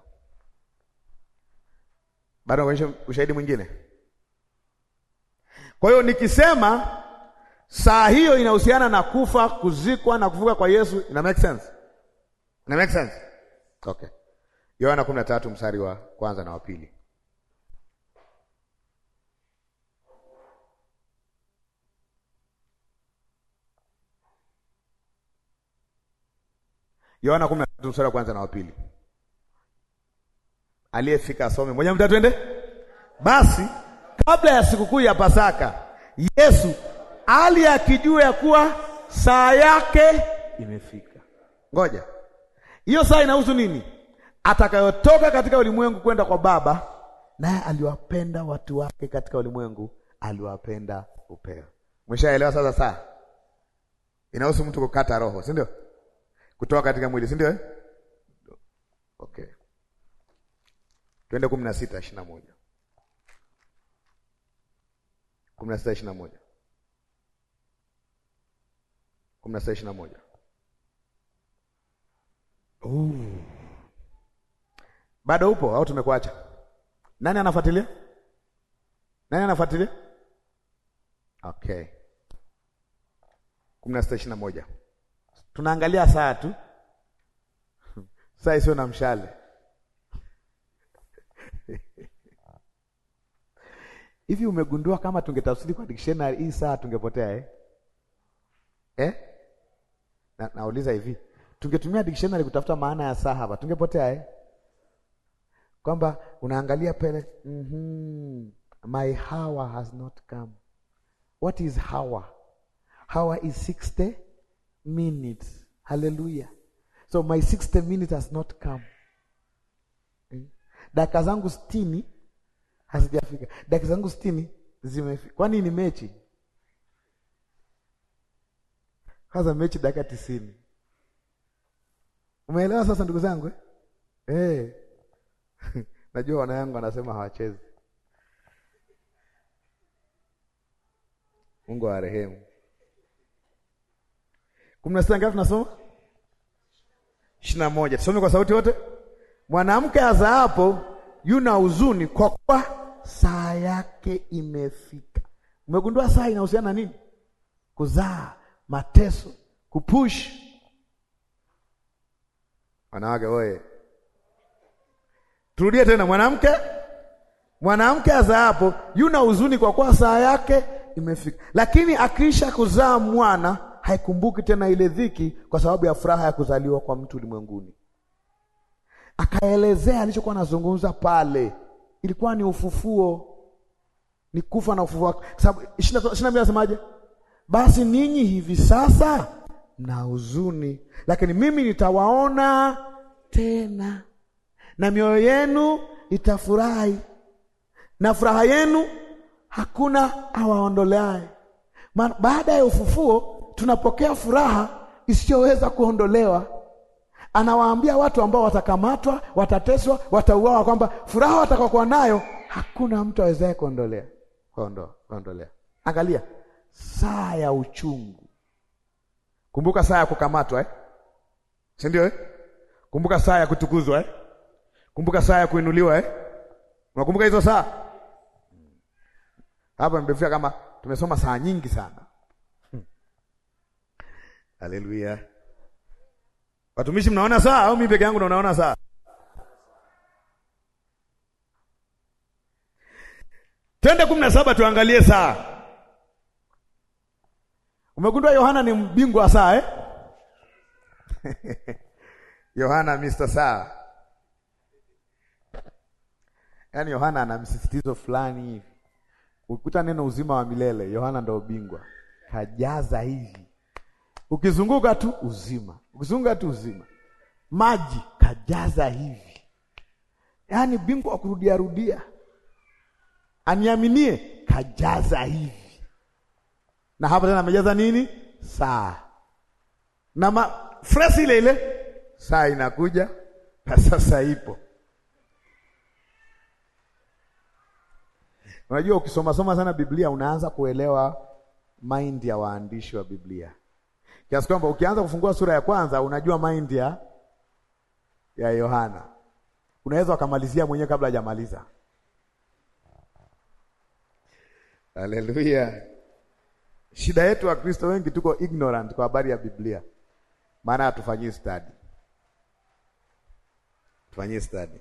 Bado kuonyesha ushahidi mwingine. Kwa hiyo nikisema saa hiyo inahusiana na kufa, kuzikwa na kufuka kwa Yesu. Ina make sense? Ina make sense? Okay. Yohana 13 mstari wa kwanza na wa pili. Yohana 13 mstari wa kwanza na wa pili. Aliyefika asome moja, mtatwende basi. Kabla ya sikukuu ya Pasaka, Yesu hali akijua ya kuwa saa yake imefika. Ngoja, hiyo saa inahusu nini? Atakayotoka katika ulimwengu kwenda kwa Baba, naye aliwapenda watu wake katika ulimwengu, aliwapenda upeo. Mwishaelewa sasa? Saa inahusu mtu kukata roho, si ndio? Kutoka katika mwili, si ndio? Eh, okay, twende kumi na sita ishirini na moja kumi na sita ishirini na moja kumi na sita ishirini na moja bado upo au tumekuacha? Nani anafuatilia? Nani anafuatilia? Okay, kumi na sita ishirini na moja tunaangalia saa tu, saa isiyo na mshale hivi umegundua kama tungetafsiri kwa dictionary hii saa tungepotea eh? Eh? na, nauliza hivi, tungetumia dictionary kutafuta maana ya saa hapa tungepotea eh? Kwamba unaangalia pele mm -hmm. My hour has not come. What is hour? Hour is 60 minutes. Hallelujah. So my 60 minutes has not come. Hmm? Dakika zangu 60 hazijafika. Dakika zangu 60 zimefika. Kwani ni mechi? Kwanza mechi dakika tisini. Umeelewa sasa ndugu zangu eh? Hey. Eh. Najua wana yangu anasema hawachezi. Mungu awarehemu. Kumi na sita ngapi tunasoma? Ishirini na moja. Tusome kwa sauti wote. Mwanamke azaapo yuna huzuni kwa kuwa saa yake imefika. Umegundua saa inahusiana na nini? Kuzaa mateso, kupush. Wanawake oye, turudie tena. Mwanamke mwanamke azaapo yuna huzuni kwa kuwa saa yake imefika, lakini akiisha kuzaa mwana haikumbuki tena ile dhiki, kwa sababu ya furaha ya kuzaliwa kwa mtu ulimwenguni. Akaelezea alichokuwa anazungumza pale, ilikuwa ni ufufuo, ni kufa na ufufuo, kwa sababu ishirini na mbili anasemaje? Basi ninyi hivi sasa na huzuni, lakini mimi nitawaona tena, na mioyo yenu itafurahi, na furaha yenu hakuna awaondoleaye. Baada ya ufufuo tunapokea furaha isiyoweza kuondolewa. Anawaambia watu ambao watakamatwa, watateswa, watauawa kwamba furaha watakokuwa nayo hakuna mtu awezaye kuondolea kuondolea. Angalia saa ya uchungu. Kumbuka saa ya kukamatwa eh? si ndio eh? Kumbuka saa ya kutukuzwa eh? Kumbuka saa ya kuinuliwa eh? Unakumbuka hizo saa? Hapa nimefika kama tumesoma saa nyingi sana. Hmm. Haleluya. Watumishi mnaona saa au mimi peke yangu ndo naona saa? Twende kumi na saba tuangalie saa. Umegundua Yohana ni mbingwa saa eh? Yohana Mr. Saa. Yaani Yohana ana msisitizo fulani hivi. Ukikuta neno uzima wa milele, Yohana ndo bingwa. Kajaza hivi. Ukizunguka tu uzima. Ukizunguka tu uzima. Maji kajaza hivi. Yaani bingwa wa kurudia rudia. Aniaminie kajaza hivi na hapa tena amejaza nini? Saa na ma fresi ile ile, saa inakuja na sasa ipo. Unajua, ukisoma soma sana Biblia unaanza kuelewa mind ya waandishi wa Biblia kiasi kwamba ukianza kufungua sura ya kwanza unajua mind ya ya Yohana, unaweza ukamalizia mwenyewe kabla hajamaliza. Haleluya! Shida yetu wa Kristo wengi tuko ignorant kwa habari ya Biblia, maana hatufanyii study. Tufanyie study.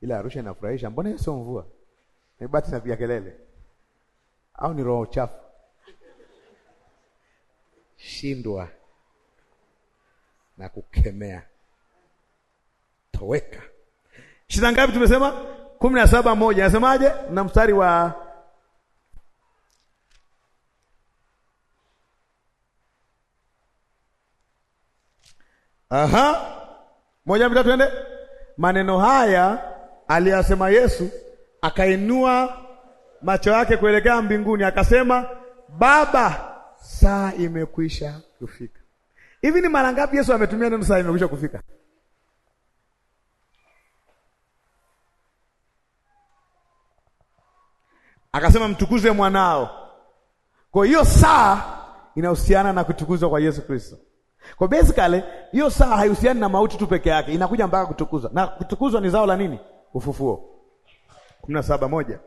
Ila Arusha inafurahisha, mbona hiyo sio mvua? Ni bati kelele au ni roho chafu? Shindwa na kukemea, toweka. Shida ngapi? Tumesema kumi na saba moja, nasemaje? Na mstari wa Aha. Moja mbili ende Maneno haya aliyasema Yesu, akainua macho yake kuelekea mbinguni, akasema, Baba, saa imekwisha kufika. Hivi ni mara ngapi Yesu ametumia neno saa imekwisha kufika? Akasema mtukuze mwanao. Kwa hiyo saa inahusiana na kutukuzwa kwa Yesu Kristo. Kwa basically hiyo saa haihusiani na mauti tu peke yake, inakuja mpaka kutukuzwa, na kutukuzwa ni zao la nini? Ufufuo. kumi na saba moja.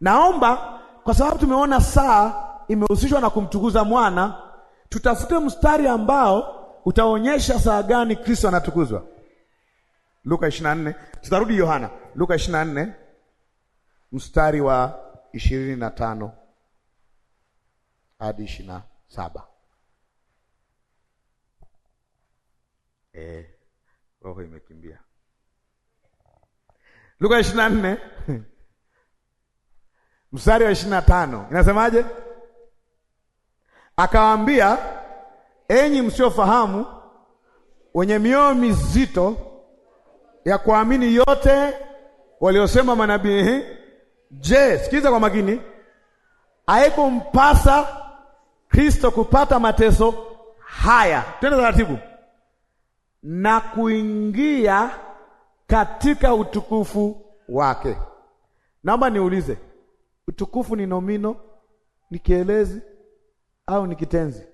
Naomba kwa sababu tumeona saa imehusishwa na kumtukuza mwana, tutafute mstari ambao utaonyesha saa gani Kristo anatukuzwa. Luka 24, tutarudi Yohana. Luka 24 mstari wa 25 hadi 27 saba eh, roho imekimbia. Luka ishirini na nne mstari wa ishirini na tano inasemaje? Akawaambia, enyi msiofahamu, wenye mioyo mizito ya kuamini yote waliosema manabii. Je, sikiza kwa makini, haikumpasa Kristo kupata mateso haya, twende taratibu, na kuingia katika utukufu wake. Naomba niulize, utukufu ni nomino, ni kielezi au ni kitenzi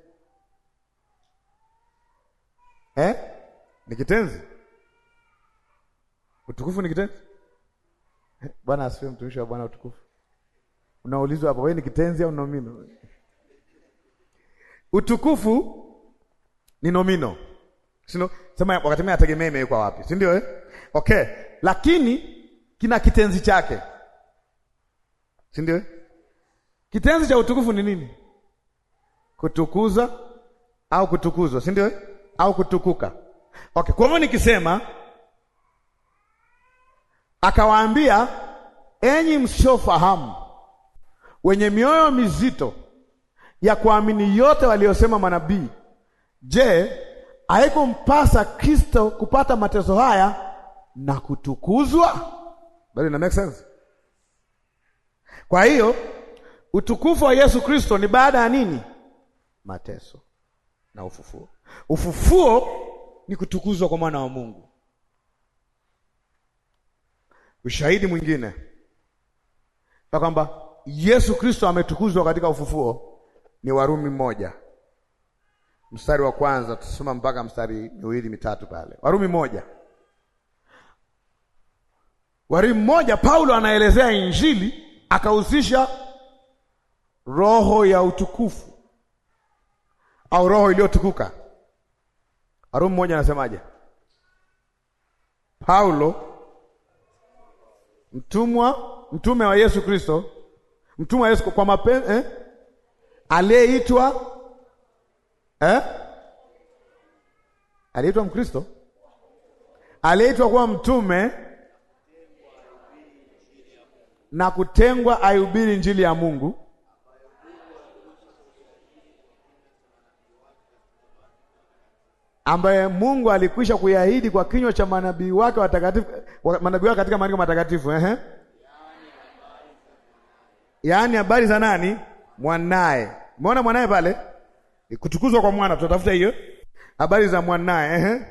eh? Ni kitenzi. Utukufu ni kitenzi. Eh, Bwana asifiwe, mtumishi wa Bwana. Utukufu unaulizwa hapa, wewe ni kitenzi au nomino? Utukufu ni nomino, sio sema, wakati mimi nategemea imewekwa wapi, si ndio eh? Okay, lakini kina kitenzi chake, si ndio eh? Kitenzi cha utukufu ni nini? Kutukuza au kutukuzwa, si ndio eh? Au kutukuka. Okay, kwa hivyo nikisema akawaambia, enyi msiofahamu wenye mioyo mizito ya kuamini yote waliosema manabii. Je, haikumpasa Kristo kupata mateso haya na kutukuzwa? Bali na make sense? Kwa hiyo utukufu wa Yesu Kristo ni baada ya nini? Mateso na ufufuo. Ufufuo ni kutukuzwa kwa mwana wa Mungu. Ushahidi mwingine na kwamba Yesu Kristo ametukuzwa katika ufufuo ni Warumi moja mstari wa kwanza tusoma mpaka mstari miwili mitatu pale. Warumi moja Warumi moja Paulo anaelezea Injili akahusisha roho ya utukufu au roho iliyotukuka. Warumi moja anasemaje? Paulo mtumwa, mtume wa Yesu Kristo, mtume wa Yesu kwa mapenzi eh? aliyeitwa eh? aliyeitwa Mkristo, aliyeitwa kuwa mtume na kutengwa aihubiri Injili ya Mungu ambaye Mungu alikwisha kuyahidi kwa kinywa cha manabii wake watakatifu, manabii wake katika maandiko matakatifu. Ehe, yaani habari za nani? mwanaye. Umeona mwanaye pale, eh, kutukuzwa kwa mwana, tutatafuta hiyo habari za mwanaye eh,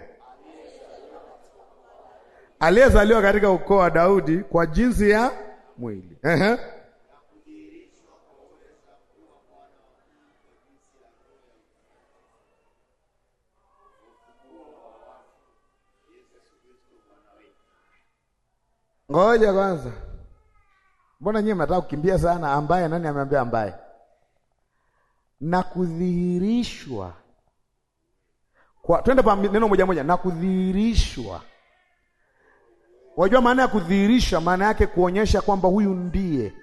aliyezaliwa katika ukoo wa Daudi kwa jinsi ya mwili eh, ngoja kwanza, mbona nyie mnataka kukimbia sana? Ambaye nani ameambia ambaye na kudhihirishwa kwa, twende pa neno moja moja, na kudhihirishwa. Wajua maana ya kudhihirisha? Maana yake kuonyesha kwamba huyu ndiye.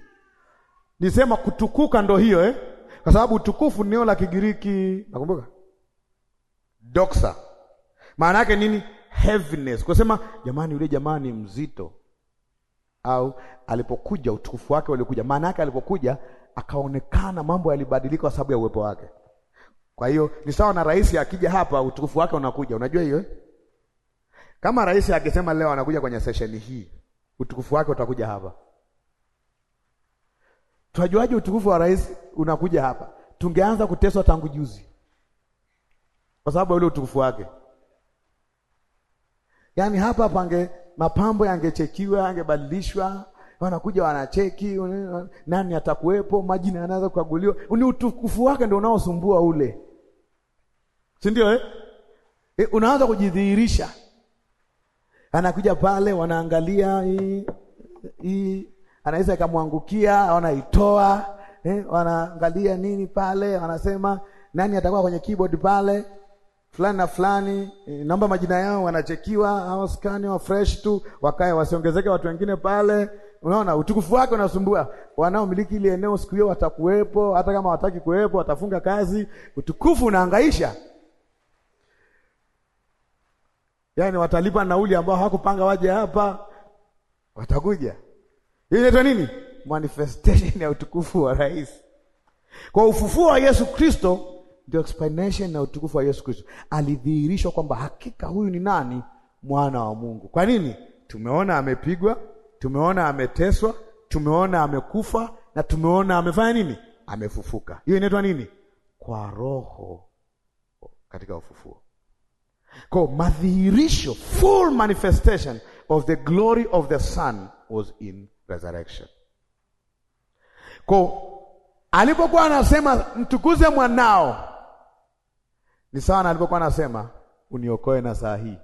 Nisema kutukuka ndo hiyo eh? Kwa sababu utukufu ni neno la Kigiriki, nakumbuka doxa, maana yake nini? Heaviness. Kusema jamani, yule jamaa ni mzito, au alipokuja utukufu wake waliokuja, maana yake alipokuja akaonekana, mambo yalibadilika kwa sababu ya uwepo wake. Kwa hiyo ni sawa na rais akija hapa, utukufu wake unakuja. Unajua hiyo Kama rais akisema leo anakuja kwenye sesheni hii, utukufu wake utakuja hapa. Tunajuaje utukufu wa rais unakuja hapa? Tungeanza kuteswa tangu juzi kwa sababu ya ule utukufu wake. Yaani hapa pange mapambo yangechekiwa, yangebadilishwa, wanakuja wanacheki, nani atakuwepo, majina yanaweza kukaguliwa. Ni utukufu wake ndio unaosumbua ule, si ndio eh? Eh, unaanza kujidhihirisha, anakuja pale, wanaangalia hii hii, anaweza ikamwangukia, wanaitoa eh, wanaangalia nini pale, wanasema nani atakuwa kwenye keyboard pale fulani na fulani eh, naomba majina yao wanachekiwa, au skani wa fresh tu, wakae wasiongezeke watu wengine pale. Unaona utukufu wake unasumbua. Wanaomiliki ile eneo siku hiyo watakuwepo, hata kama wataki kuwepo, watafunga kazi. Utukufu unahangaisha, yaani watalipa nauli ambao hawakupanga waje hapa, watakuja. Hiyo inaitwa nini? Manifestation ya utukufu wa rais. Kwa ufufuo wa Yesu Kristo ndio explanation na utukufu wa Yesu Kristo. Alidhihirishwa kwamba hakika huyu ni nani? Mwana wa Mungu. Kwa nini? Tumeona amepigwa tumeona ameteswa, tumeona amekufa na tumeona amefanya nini? Amefufuka. Hiyo inaitwa nini? Kwa roho katika ufufuo. Kwa madhihirisho, full manifestation of the glory of the Son was in resurrection. Kwa alipokuwa anasema mtukuze mwanao, ni sawa na alipokuwa anasema uniokoe na saa hii,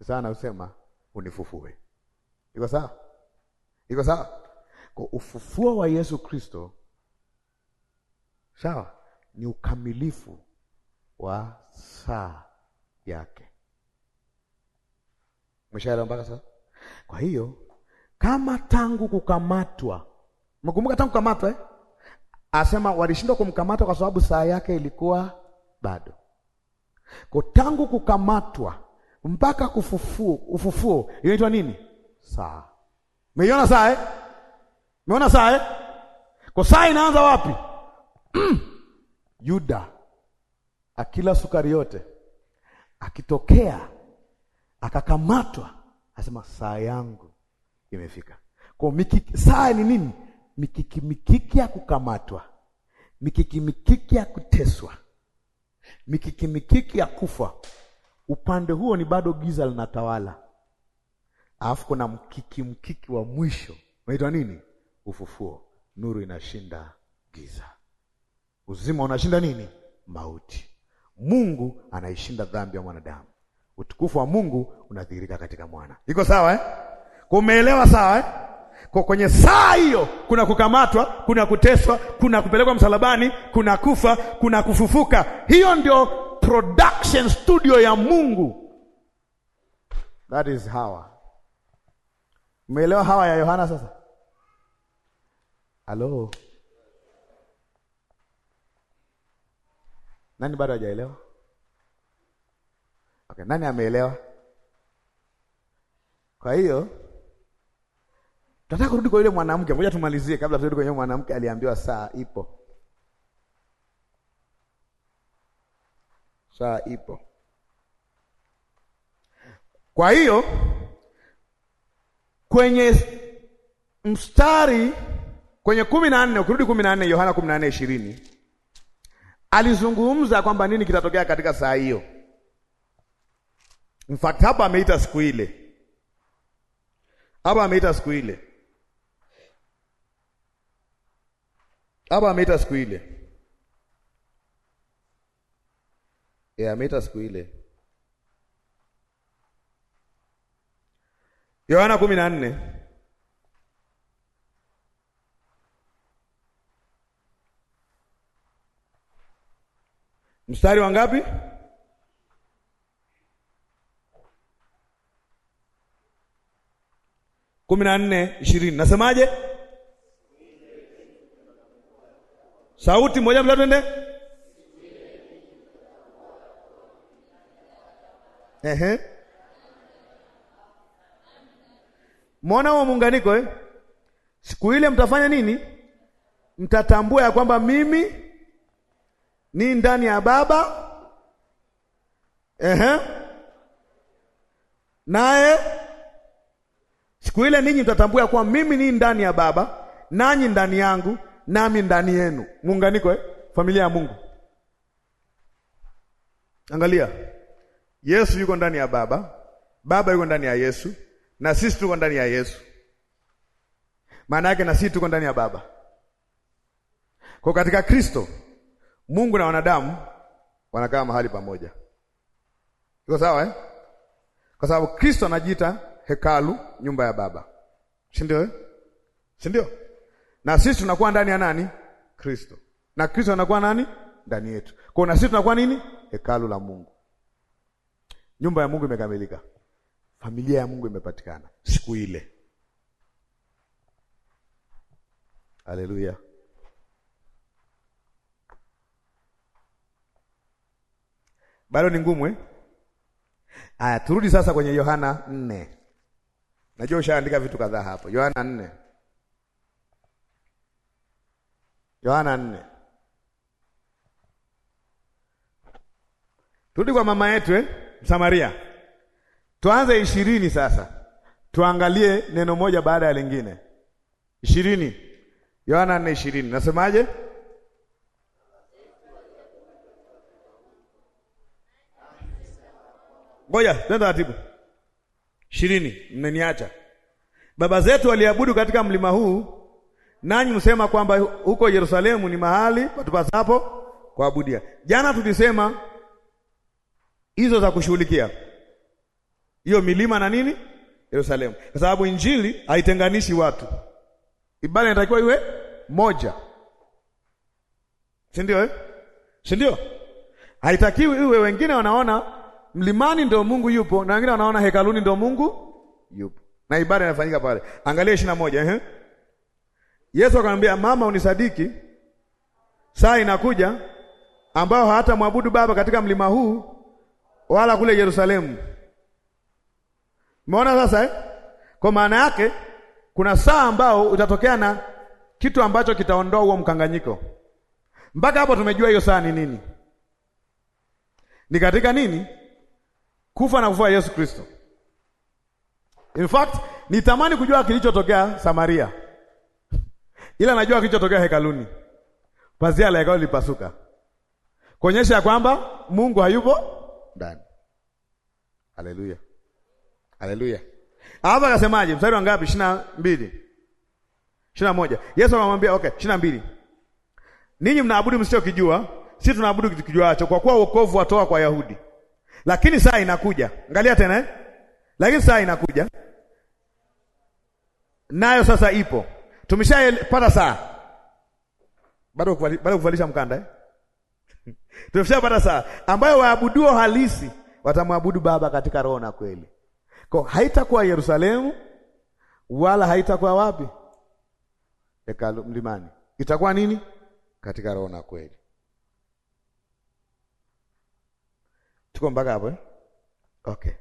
ni sawa na usema unifufue. Iko sawa? Iko sawa? Kwa ufufuo wa Yesu Kristo, sawa, ni ukamilifu wa saa yake. Mshaelewa mpaka sasa? Kwa hiyo kama tangu kukamatwa, mkumbuka tangu kukamatwa eh? Asema walishindwa kumkamata kwa sababu saa yake ilikuwa bado. Kwa tangu kukamatwa mpaka kufufuo, ufufuo inaitwa nini? Saa. Umeiona saa eh? Umeona saa eh? Kwa saa inaanza wapi? Yuda akila sukari yote, akitokea akakamatwa, asema saa yangu imefika. Kwa mikiki, saa ni nini? Mikiki mikiki ya kukamatwa, mikiki mikiki ya kuteswa, mikiki mikiki ya kufa. Upande huo ni bado giza linatawala alafu kuna mkiki mkiki wa mwisho unaitwa nini? Ufufuo. Nuru inashinda giza, uzima unashinda nini? Mauti. Mungu anaishinda dhambi ya mwanadamu. Utukufu wa Mungu unadhihirika katika mwana. Iko sawa eh? Kumeelewa sawa eh? Kwa kwenye saa hiyo kuna kukamatwa, kuna kuteswa, kuna kupelekwa msalabani, kuna kufa, kuna kufufuka. Hiyo ndio production studio ya Mungu. That is how Umeelewa hawa ya Yohana sasa? Halo. Nani bado hajaelewa? Okay, nani ameelewa? Kwa hiyo tunataka kurudi kwa yule mwanamke. Ngoja tumalizie kabla turudi yule mwanamke aliambiwa saa ipo. Saa ipo. Kwa hiyo kwenye mstari kwenye kumi na nne ukirudi kumi na nne Yohana kumi na nne ishirini alizungumza kwamba nini kitatokea katika saa hiyo. In fact hapa ameita siku ile, hapa ameita siku ile, hapa ameita siku ile, yeah, ameita siku ile Yohana kumi na nne mstari wa ngapi? kumi na nne ishirini nasemaje? sauti moja mla ende. Ehe. Mwona huo muunganiko eh? Siku ile mtafanya nini? Mtatambua ya kwamba mimi ni ndani ya Baba, ehe, naye siku ile ninyi mtatambua kuwa mimi ni ndani ya Baba, nanyi ndani yangu, nami ndani yenu. Muunganiko eh? Familia ya Mungu, angalia, Yesu yuko ndani ya Baba, Baba yuko ndani ya Yesu na sisi tuko ndani ya Yesu, maana yake na sisi tuko ndani ya Baba. Kwa katika Kristo Mungu na wanadamu wanakaa mahali pamoja, iko sawa eh? Kwa sababu Kristo anajiita hekalu, nyumba ya Baba, si ndio eh? si ndio? Na sisi tunakuwa ndani ya nani? Kristo. Na Kristo anakuwa nani? Ndani yetu. Kwa na sisi tunakuwa nini? Hekalu la Mungu, nyumba ya Mungu imekamilika familia ya Mungu imepatikana siku ile. Haleluya. Bado ni ngumu eh? Aya, turudi sasa kwenye Yohana nne. Najua ushaandika vitu kadhaa hapo. Yohana nne. Yohana nne. Turudi kwa mama yetu eh? Msamaria Tuanze ishirini sasa, tuangalie neno moja baada ya lingine. Ishirini, Yohana nne ishirini, nasemaje? Ngoja twende taratibu. Ishirini, mmeniacha. Baba zetu waliabudu katika mlima huu, nanyi msema kwamba huko Yerusalemu ni mahali patupasapo kuabudia. Jana tulisema hizo za kushughulikia hiyo milima na nini Yerusalemu, kwa sababu injili haitenganishi watu. Ibada inatakiwa iwe moja, si ndio eh? si ndio? Haitakiwi iwe wengine wanaona mlimani ndio Mungu yupo na wengine wanaona hekaluni ndio Mungu yupo, na ibada inafanyika pale. Angalia ishirini na moja eh? Yesu akamwambia, mama, unisadiki, saa inakuja ambao hata mwabudu Baba katika mlima huu wala kule Yerusalemu Umeona sasa eh? Kwa maana yake kuna saa ambao utatokea na kitu ambacho kitaondoa huo mkanganyiko. Mpaka hapo tumejua hiyo saa ni nini, ni katika nini? Kufa na kufua Yesu Kristo. In fact nitamani kujua kilichotokea Samaria, ila najua kilichotokea hekaluni. Pazia la hekalu lipasuka, kuonyesha ya kwamba Mungu hayupo ndani. Haleluya! Haleluya. Hapa akasemaje? Mstari wa ngapi? ishirini na mbili ishirini na moja Yesu anamwambia okay, ishirini na mbili ninyi mnaabudu msichokijua, sisi tunaabudu kitu kijuacho, kwa kuwa wokovu watoa kwa Yahudi. Lakini saa inakuja, angalia tena eh? Lakini saa inakuja nayo sasa ipo, tumeshapata saa, bado kuvalisha mkanda eh? tumeshapata saa ambayo waabuduo halisi watamwabudu Baba katika roho na kweli. Kwa haitakuwa Yerusalemu wala haitakuwa wapi? Hekalu mlimani. Itakuwa nini? Katika roho na kweli. Tuko mpaka hapo eh? Okay.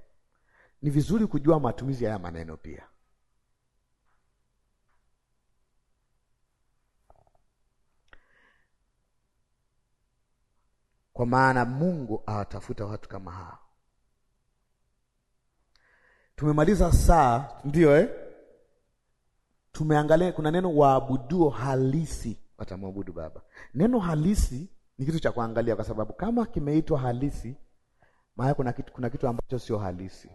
Ni vizuri kujua matumizi haya maneno pia. Kwa maana Mungu awatafuta watu kama hao. Tumemaliza saa, ndio eh? Tumeangalia kuna neno waabuduo halisi watamwabudu Baba. Neno halisi ni kitu cha kuangalia, kwa sababu kama kimeitwa halisi, maana kuna kitu, kuna kitu ambacho sio halisi.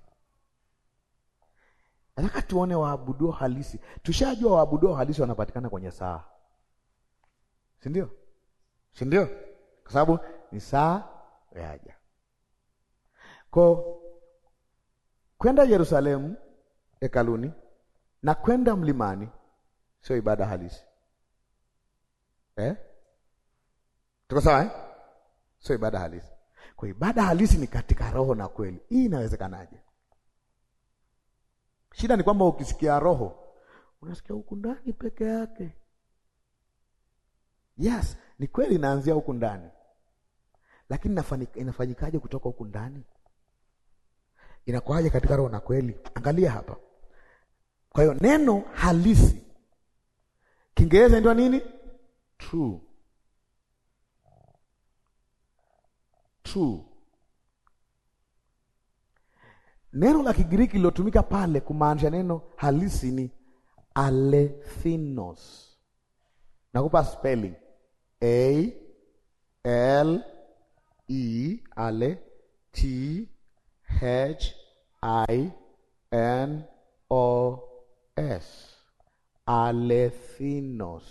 Nataka tuone waabuduo halisi. Tushajua waabuduo halisi wanapatikana kwenye saa, si ndio? Si ndio? Kwa sababu ni saa yaja kwao kwenda Yerusalemu hekaluni na kwenda mlimani sio ibada halisi eh? tuko sawa eh? sio ibada halisi. Kwa ibada halisi ni katika roho na kweli. Hii inawezekanaje? Shida ni kwamba ukisikia roho unasikia huku ndani peke yake. Yes, ni kweli inaanzia huku ndani, lakini inafanyikaje kutoka huku ndani? Inakuwaje katika roho na kweli? Angalia hapa. Kwa hiyo neno halisi Kiingereza ndio nini? True. True. Neno la Kigiriki lilotumika pale kumaanisha neno halisi ni alethinos. Nakupa spelling A L E ale T H I N O S Alethnos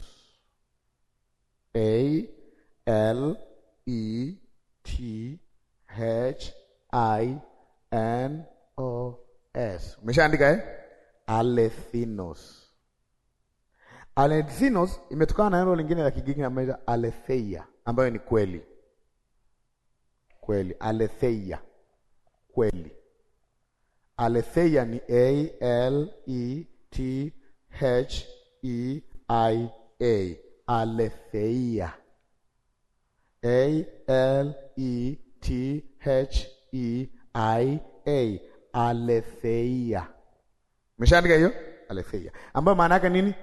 A L E T H I N O S umeshaandika eh? Alethinos. Alethinos imetokana na neno lingine la Kigiriki na aletheia ambayo ni kweli kweli, aletheia kweli. Aletheia ni a l e t h e i a, aletheia a l e t h e i a, aletheia. Umeshaandika hiyo aletheia, ambayo maana yake nini?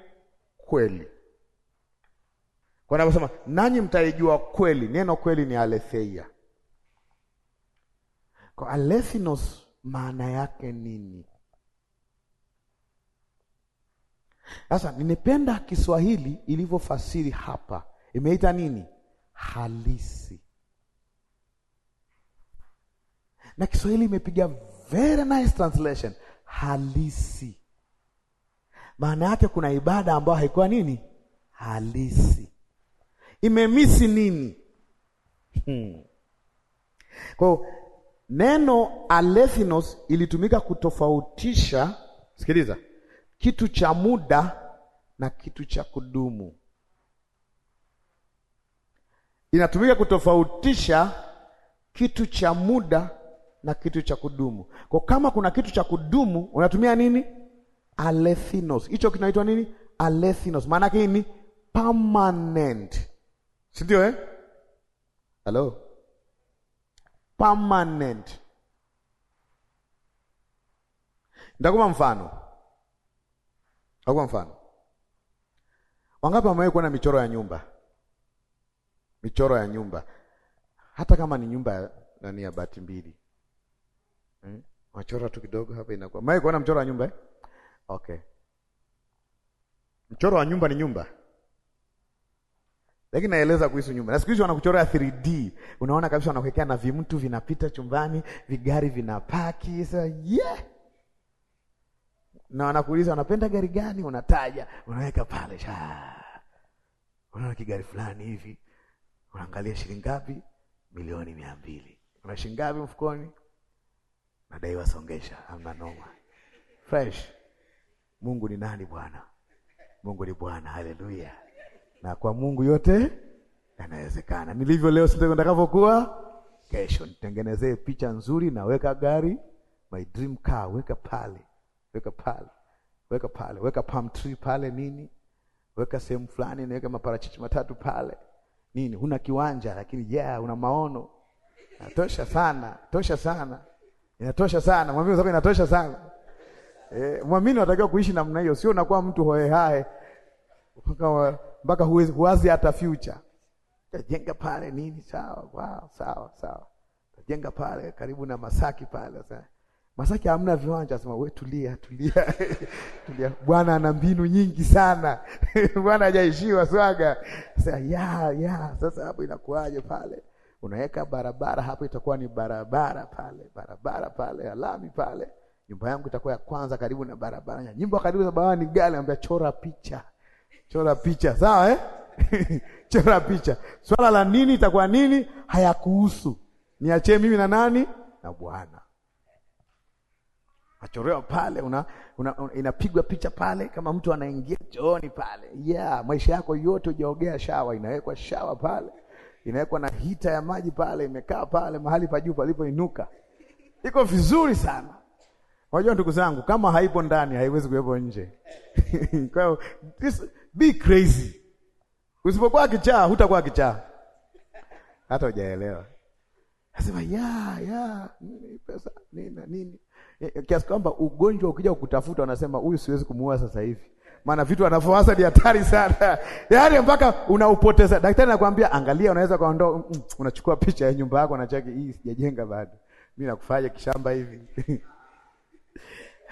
Kweli. Kwa nasema nanyi mtaijua kweli, neno kweli ni aletheia. Kwa alethinos maana yake nini? Sasa nimependa Kiswahili ilivyofasiri hapa, imeita nini? Halisi. Na Kiswahili imepiga very nice translation, halisi. Maana yake kuna ibada ambayo haikuwa nini halisi, imemisi nini? hmm. Kwa Neno alethinos ilitumika kutofautisha, sikiliza, kitu cha muda na kitu cha kudumu. Inatumika kutofautisha kitu cha muda na kitu cha kudumu. Kwa kama kuna kitu cha kudumu unatumia nini? Alethinos. Hicho kinaitwa nini? Alethinos. Maana yake ni permanent, si ndio eh? Hello? permanent. Ndakupa mfano, ndakupa mfano. Wangapi wamewahi kuona michoro ya nyumba? Michoro ya nyumba, hata kama ni nyumba nani ya bati mbili hmm? Wachora tu kidogo hapa, inakuwa Mwahi kuona mchoro wa nyumba eh? Okay, mchoro wa nyumba ni nyumba lakini naeleza kuhusu nyumba. Na siku hizi wanakuchorea 3D, unaona kabisa, wanakuwekea na vimtu vinapita chumbani, vigari vinapaki. Sasa yeah! na wanakuuliza unapenda gari gani, unataja, unaweka pale sha, unaona kigari fulani hivi, unaangalia shilingi ngapi? Milioni mia mbili. Una shilingi ngapi mfukoni? Nadaiwa, songesha, amna noma, fresh. Mungu ni nani bwana? Mungu ni Bwana, haleluya na kwa Mungu yote yanawezekana. Nilivyo leo sivyo nitakavyokuwa kesho. Nitengenezee picha nzuri, na weka gari, my dream car, weka pale, weka pale, weka pale, weka palm tree pale, nini, weka sehemu fulani, naweka maparachichi matatu pale, nini. Huna kiwanja lakini, yeah, una maono. Natosha sana, tosha sana, inatosha sana. Mwambie sababu inatosha sana. Eh, mwamini unatakiwa kuishi namna hiyo, sio unakuwa mtu hohehahe kama mpaka huwazi hata future. Tajenga pale nini? Sawa, wow, sawa sawa, tajenga pale karibu na Masaki pale. Sasa Masaki hamna viwanja, sema wewe, tulia tulia tulia, Bwana ana mbinu nyingi sana Bwana hajaishiwa swaga. Sasa ya ya, sasa hapo inakuaje pale? Unaweka barabara hapo, itakuwa ni barabara pale, barabara pale, alami pale, nyumba yangu itakuwa ya kwanza karibu na barabara, nyumba karibu na barabara ni gari, ambaye chora picha chora picha, sawa eh? chora picha. Swala la nini itakuwa nini hayakuhusu, niachie mimi na nani na Bwana. Achorewa pale una, una, una, inapigwa picha pale, kama mtu anaingia chooni pale yeah, maisha yako yote hujaogea, shawa inawekwa, shawa pale inawekwa na hita ya maji pale, imekaa pale mahali pa juu palipoinuka, iko vizuri sana. wajua ndugu zangu, kama haipo ndani haiwezi kuwepo nje. Kwa hiyo Be crazy. Usipokuwa kichaa hutakuwa kichaa. Hata hujaelewa. Nasema ya ya nini pesa nini nini. Kiasi kwamba ugonjwa ukija kukutafuta wanasema huyu siwezi kumuua sasa hivi. Maana vitu anavyowaza ni hatari sana. Yaani mpaka unaupoteza. Daktari anakuambia angalia, unaweza kuondoa, mm, mm, unachukua picha ya nyumba yako na chaki, hii sijajenga bado. Mimi nakufanya kishamba hivi.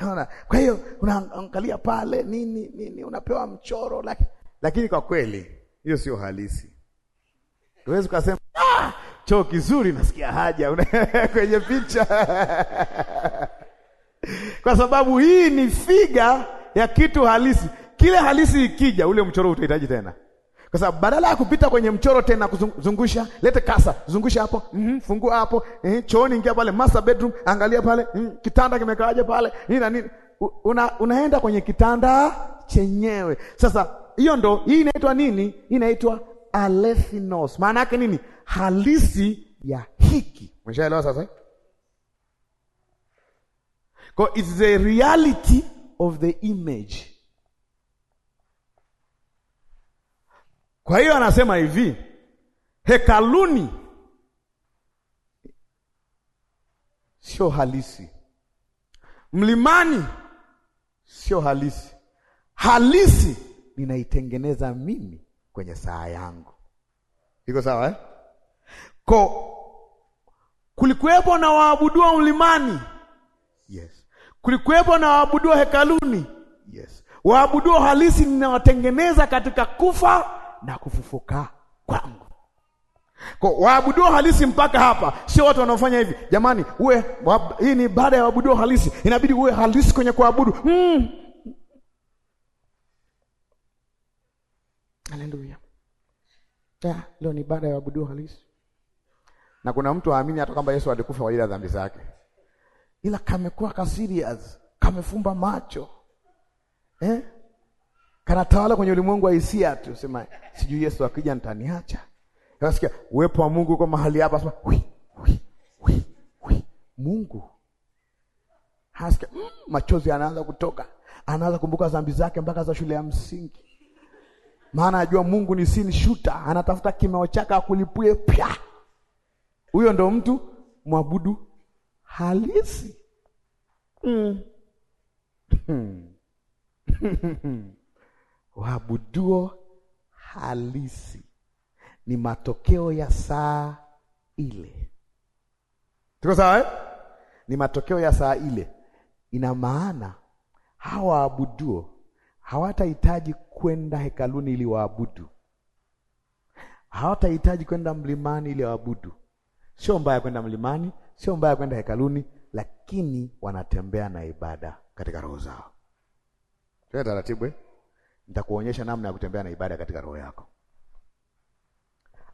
Unaona? Kwa hiyo unaangalia pale nini nini, unapewa mchoro laki, lakini kwa kweli hiyo sio halisi. Huwezi kusema ah, choo kizuri nasikia haja kwenye picha kwa sababu hii ni figa ya kitu halisi. Kile halisi ikija, ule mchoro utahitaji tena kwa sababu badala ya kupita kwenye mchoro tena kuzungusha, lete kasa, zungusha hapo, mm, fungua hapo, mm, chooni, ingia pale master bedroom, angalia pale, mm, kitanda kimekaaje pale, nini na nini, una, unaenda kwenye kitanda chenyewe. Sasa hiyo ndo hii inaitwa nini? inaitwa alethinos, maana yake nini? Halisi ya hiki. Umeshaelewa sasa? Eh? Kwa it's the reality of the image Kwa hiyo anasema hivi, hekaluni sio halisi, mlimani sio halisi, halisi ninaitengeneza mimi kwenye saa yangu. Iko sawa eh? Ko kulikuwepo na waabudua mlimani, yes. Kulikuwepo na waabudua hekaluni, yes. Waabuduo halisi ninawatengeneza katika kufa na kufufuka kwangu. Kwa waabuduo halisi mpaka hapa, sio watu wanaofanya hivi. Jamani, uwe wab, hii ni baada ya waabudu halisi, inabidi uwe halisi kwenye kuabudu. Mm. Haleluya. Ta, leo ni baada ya waabudu halisi. Na kuna mtu aamini hata kwamba Yesu alikufa kwa ajili ya dhambi zake, ila kamekuwa ka serious, kamefumba macho eh? kanatawala kwenye ulimwengu wa hisia tu, sema sijui Yesu akija nitaniacha. Nasikia uwepo wa Mungu kwa mahali hapa, sema wi wi wi wi Mungu hasikia mm, machozi anaanza kutoka, anaanza kumbuka dhambi zake mpaka za shule ya msingi, maana ajua Mungu ni sin shooter, anatafuta kimeo chake akulipue pya. Huyo ndo mtu mwabudu halisi mm. Hmm waabuduo halisi ni matokeo ya saa ile. Tuko sawa eh? Ni matokeo ya saa ile. Ina maana hawa waabuduo hawatahitaji kwenda hekaluni ili waabudu, hawatahitaji kwenda mlimani ili waabudu. Sio mbaya kwenda mlimani, sio mbaya kwenda hekaluni, lakini wanatembea na ibada katika roho zao. Tuwe taratibu eh? nitakuonyesha namna ya kutembea na ibada katika roho yako.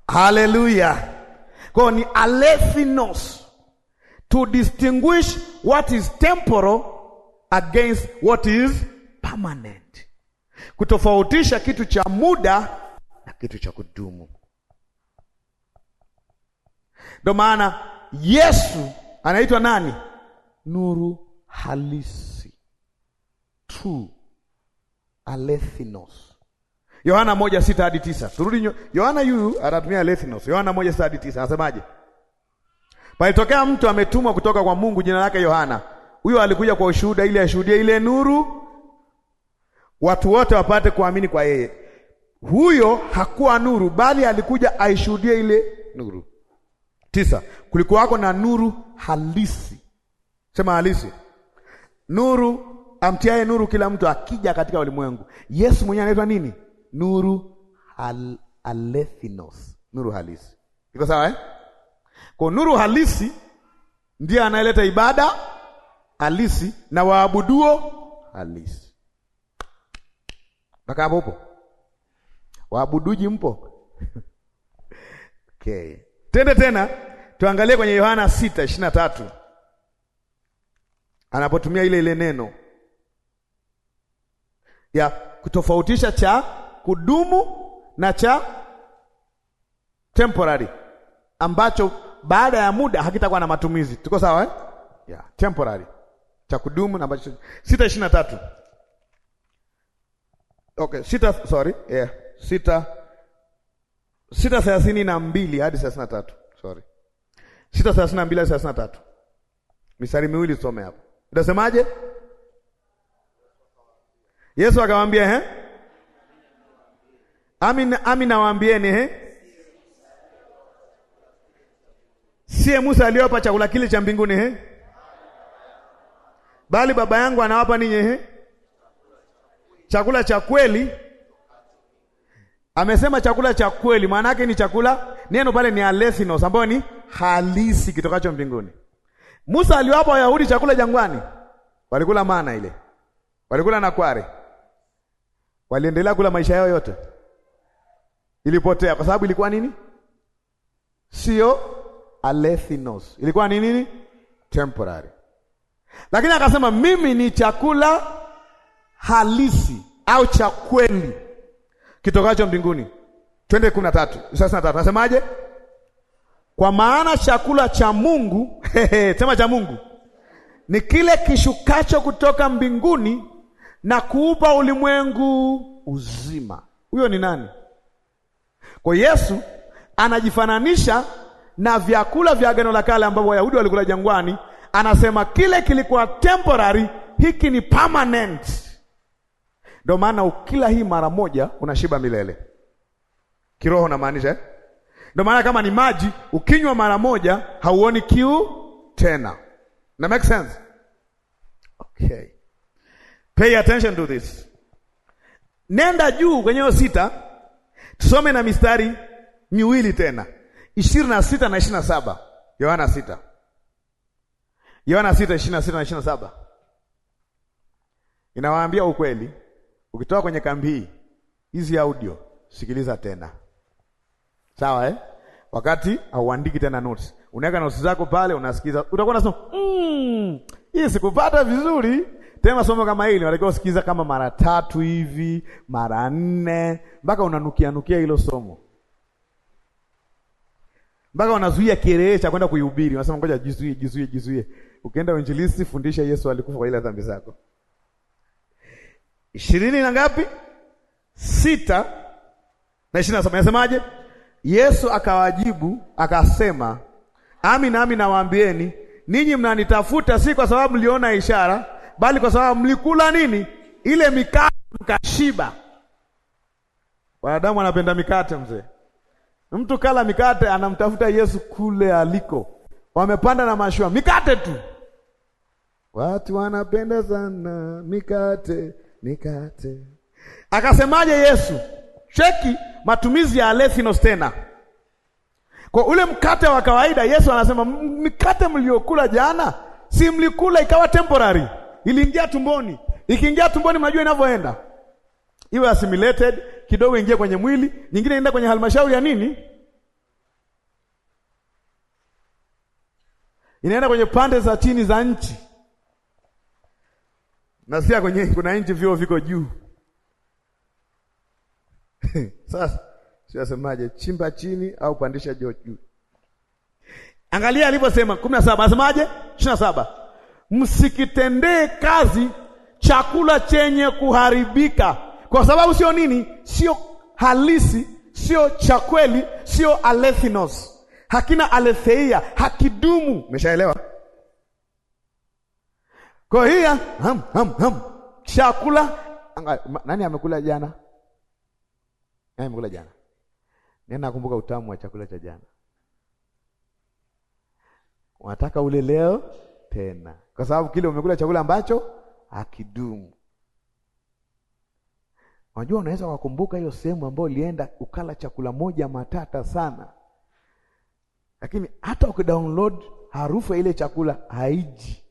Haleluya! Kwa ni alethinos to distinguish what is temporal against what is permanent, kutofautisha kitu cha muda na kitu cha kudumu. Ndio maana Yesu anaitwa nani? Nuru halisi, true alethinos. Yohana moja sita hadi tisa. Turudi Yohana yuyu anatumia alethinos. Yohana moja sita hadi tisa anasemaje? Palitokea mtu ametumwa kutoka kwa Mungu, jina lake Yohana. Huyo alikuja kwa ushuhuda ili ashuhudie ile nuru, watu wote wapate kuamini kwa yeye. Huyo hakuwa nuru, bali alikuja aishuhudie ile nuru. Tisa, kulikuwako na nuru halisi, sema halisi, nuru amtiaye nuru kila mtu akija katika ulimwengu. Yesu mwenyewe anaitwa nini? Nuru al alethinos, nuru halisi. Iko sawa eh? Kwa nuru halisi ndiye anayeleta ibada halisi na waabuduo halisi. Mpaka hapo upo? Waabuduji mpo? Okay. Tende tena tuangalie kwenye Yohana 6:23 anapotumia ile ile neno ya kutofautisha cha kudumu na cha temporary ambacho baada ya muda hakitakuwa na matumizi. Tuko sawa eh? Yeah, temporary cha kudumu na ambacho sita ishirini na tatu. Okay, sita sorry, yeah, sita sita thelathini na mbili hadi thelathini na tatu sorry, sita thelathini na mbili hadi thelathini na tatu mistari miwili tusome hapo, utasemaje? Yesu akamwambia eh, amin amin, nawaambieni eh, siye Musa aliyowapa chakula kile cha mbinguni eh, bali Baba yangu anawapa ninyi eh, chakula cha kweli. Amesema chakula cha kweli, maana yake ni chakula, neno pale ni alethinos, ambayo ni halisi kitokacho mbinguni. Musa aliwapa Wayahudi chakula jangwani, walikula mana ile, walikula na kware Waliendelea kula maisha yao yote, ilipotea kwa sababu ilikuwa nini? Sio alethinos, ilikuwa ni nini? Temporary. Lakini akasema mimi ni chakula halisi au cha kweli kitokacho mbinguni. Twende kumi na tatu thelathini na tatu nasemaje? Kwa maana chakula cha Mungu sema cha Mungu ni kile kishukacho kutoka mbinguni na kuupa ulimwengu uzima. Huyo ni nani? Kwa Yesu anajifananisha na vyakula vya agano la kale ambavyo Wayahudi walikula jangwani. Anasema kile kilikuwa temporary, hiki ni permanent. Ndio maana ukila hii mara moja unashiba milele. Kiroho namaanisha eh? Ndio maana kama ni maji ukinywa mara moja hauoni kiu tena. Na make sense? Okay. Pay attention to this. Nenda juu kwenye hiyo sita, tusome na mistari miwili tena, ishirini na sita na ishirini na saba Yohana sita Yohana sita ishirini na sita na ishirini na saba inawaambia ukweli. Ukitoka kwenye kambi hii, hizi audio sikiliza tena, sawa eh? Wakati hauandiki tena notes, unaweka notes zako pale, unasikiza, utakuwa unasema mm, hii sikupata vizuri tena somo kama hili unatakiwa usikiza kama mara tatu hivi, mara nne, mpaka unanukia nukia hilo somo, mpaka unazuia kelele cha kwenda kuihubiri. Unasema ngoja jizuie, jizuie, jizuie. Ukienda uinjilisti, fundisha Yesu alikufa kwa ile dhambi zako. ishirini na ngapi? Sita na ishirini na saba inasemaje? Yesu akawajibu akasema, amin amin nawaambieni ninyi mnanitafuta si kwa sababu mliona ishara bali kwa sababu mlikula nini? Ile mikate mkashiba. Wanadamu wanapenda mikate mzee. Mtu kala mikate anamtafuta Yesu kule aliko. Wamepanda na mashua mikate tu. Watu wanapenda sana mikate, mikate. Akasemaje Yesu? Cheki matumizi ya alesinos tena. Kwa ule mkate wa kawaida Yesu anasema mikate mliokula jana, si mlikula ikawa temporary iliingia tumboni. Ikiingia tumboni, majua inavyoenda, iwe assimilated kidogo, ingie kwenye mwili, nyingine inaenda kwenye halmashauri ya nini, inaenda kwenye pande za chini za nchi, nasikia kwenye kuna nchi vyoo viko juu Sasa siasemaje, chimba chini au pandisha juu? Angalia aliposema kumi na saba, anasemaje ishirini na saba msikitendee kazi chakula chenye kuharibika, kwa sababu sio nini, sio halisi, sio cha kweli, sio alethinos, hakina aletheia, hakidumu. Umeshaelewa? Kwa hiyo ham, ham, ham. Chakula anga, nani amekula jana? Nani amekula jana? Nani nakumbuka utamu wa chakula cha jana? Unataka ule leo tena kwa sababu kile umekula chakula ambacho akidumu Unajua, unaweza kukumbuka hiyo sehemu ambayo ulienda ukala chakula moja matata sana, lakini hata ukidownload harufu ya ile chakula haiji,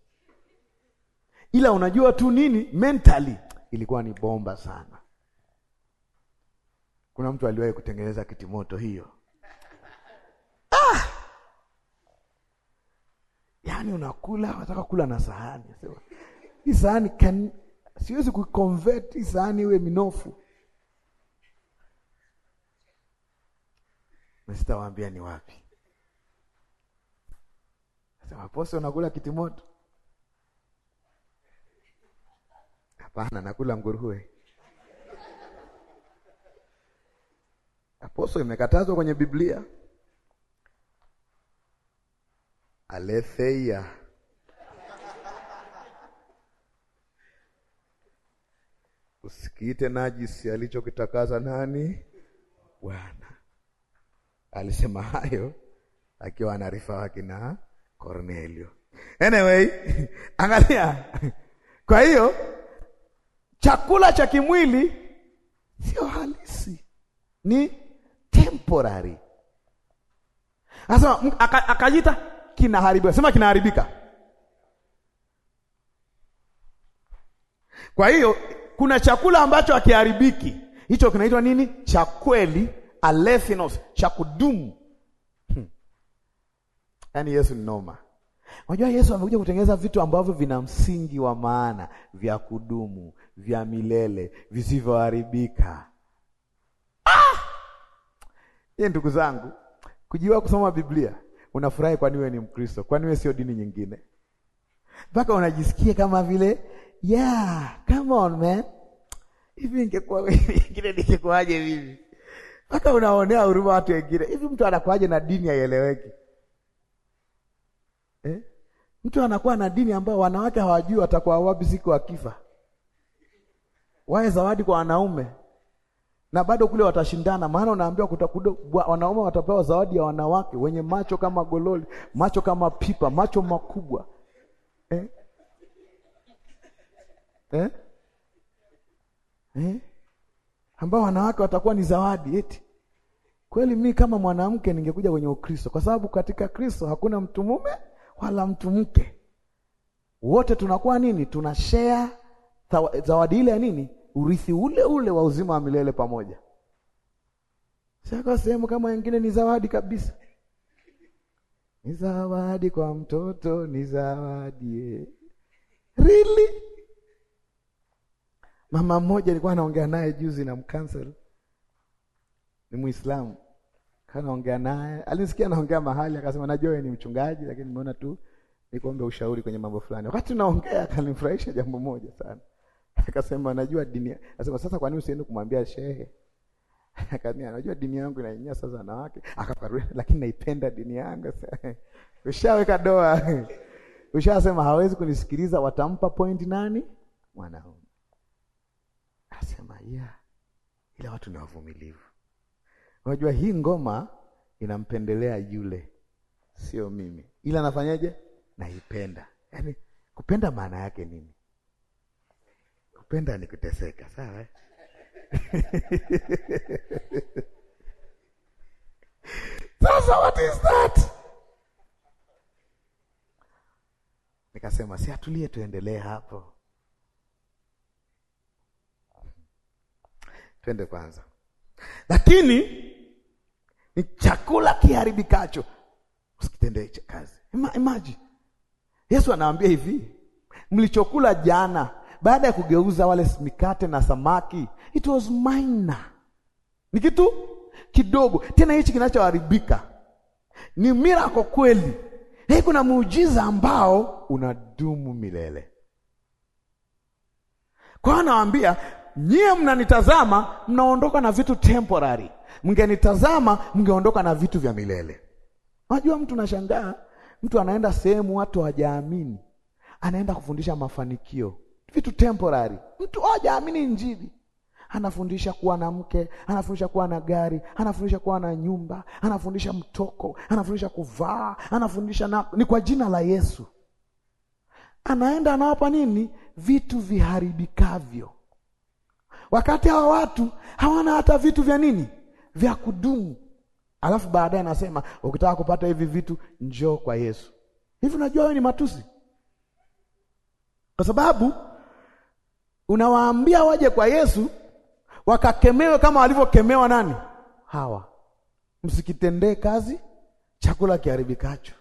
ila unajua tu nini, mentally ilikuwa ni bomba sana. Kuna mtu aliwahi kutengeneza kitimoto hiyo Yaani unakula unataka kula na sahani. Sema, hii sahani can siwezi kuconvert hii sahani iwe minofu. Na sitawaambia ni wapi. Sema pose unakula kitimoto? Hapana, nakula nguruwe. Aposo imekatazwa kwenye Biblia. aletheia. Usikiite najisi alichokitakaza nani? Bwana alisema hayo akiwa anarifaa na Cornelio. Anyway, angalia. Kwa hiyo chakula cha kimwili sio halisi, ni temporary. Asa akajita kinaharibika. Sema kinaharibika. Kwa hiyo kuna chakula ambacho hakiharibiki, hicho kinaitwa nini? Cha kweli, alethinos, cha kudumu. Hmm. Yaani Yesu ni noma. Unajua Yesu amekuja kutengeneza vitu ambavyo vina msingi wa maana, vya kudumu, vya milele, visivyoharibika. Ah! Ye, ndugu zangu, kujiwa kusoma Biblia unafurahi, kwani wewe ni Mkristo, kwani wewe sio dini nyingine, mpaka unajisikia kama vile yeah, come on man, hivi ingekuwa wengine ningekuwaje vivi? Mpaka unaonea huruma watu wengine. Hivi mtu anakuwaje na dini haieleweki eh? Mtu anakuwa na dini ambayo wanawake hawajui watakuwa wapi siku akifa, wae zawadi kwa wanaume na bado kule watashindana, maana unaambiwa wanaume watapewa zawadi ya wanawake wenye macho kama gololi, macho kama pipa, macho makubwa eh? Eh? Eh? ambao wanawake watakuwa ni zawadi eti. Kweli mi kama mwanamke ningekuja kwenye Ukristo, kwa sababu katika Kristo hakuna mtu mume wala mtu mke, wote tunakuwa nini? Tuna share zawadi ile ya nini urithi ule ule wa uzima wa milele pamoja. Sasa sehemu kama wengine ni zawadi kabisa, ni zawadi kwa mtoto, ni zawadi really. Mama mmoja alikuwa anaongea naye juzi na mkansel, ni Muislamu, kanaongea naye, alinisikia anaongea mahali, akasema najua ni mchungaji, lakini nimeona tu nikuombe ushauri kwenye mambo fulani. Wakati tunaongea, akanifurahisha jambo moja sana Akasema najua dini. Akasema sasa kwa nini usiende kumwambia shehe? Akaniambia anajua dini yangu inanyanyasa na wake. Akakarudi lakini naipenda dini yangu. Ushaweka doa. Ushasema hawezi kunisikiliza watampa point nani? Mwanaume. Akasema ya Ila watu ni wavumilivu. Unajua hii ngoma inampendelea yule, sio mimi. Ila nafanyaje? Naipenda. Yaani kupenda maana yake nini? Penda nikuteseka sawa? Eh? Sasa what is that? Nikasema si atulie, tuendelee hapo, twende kwanza. Lakini ni chakula kiharibikacho, usikitendee kazi. Imagine Yesu anawaambia hivi, mlichokula jana baada ya kugeuza wale mikate na samaki, it was minor, ni kitu kidogo tena, hichi kinachoharibika ni mirako kweli. Hei, kuna muujiza ambao unadumu milele. Kwa anawaambia nyie, mnanitazama mnaondoka na vitu temporary, mngenitazama mngeondoka na vitu vya milele. Unajua, mtu nashangaa, mtu anaenda sehemu watu hawajaamini, anaenda kufundisha mafanikio vitu temporary. Mtu amini Injili, anafundisha kuwa na mke, anafundisha kuwa na gari, anafundisha kuwa na nyumba, anafundisha mtoko, anafundisha kuvaa, anafundisha na, ni kwa jina la Yesu. Anaenda anawapa nini? Vitu viharibikavyo, wakati hawa watu hawana hata vitu vya nini vya kudumu. Alafu baadaye anasema ukitaka kupata hivi vitu njoo kwa Yesu. Hivi unajua wewe ni matusi, kwa sababu Unawaambia waje kwa Yesu wakakemewe kama walivyokemewa nani? Hawa, msikitendee kazi chakula kiharibikacho.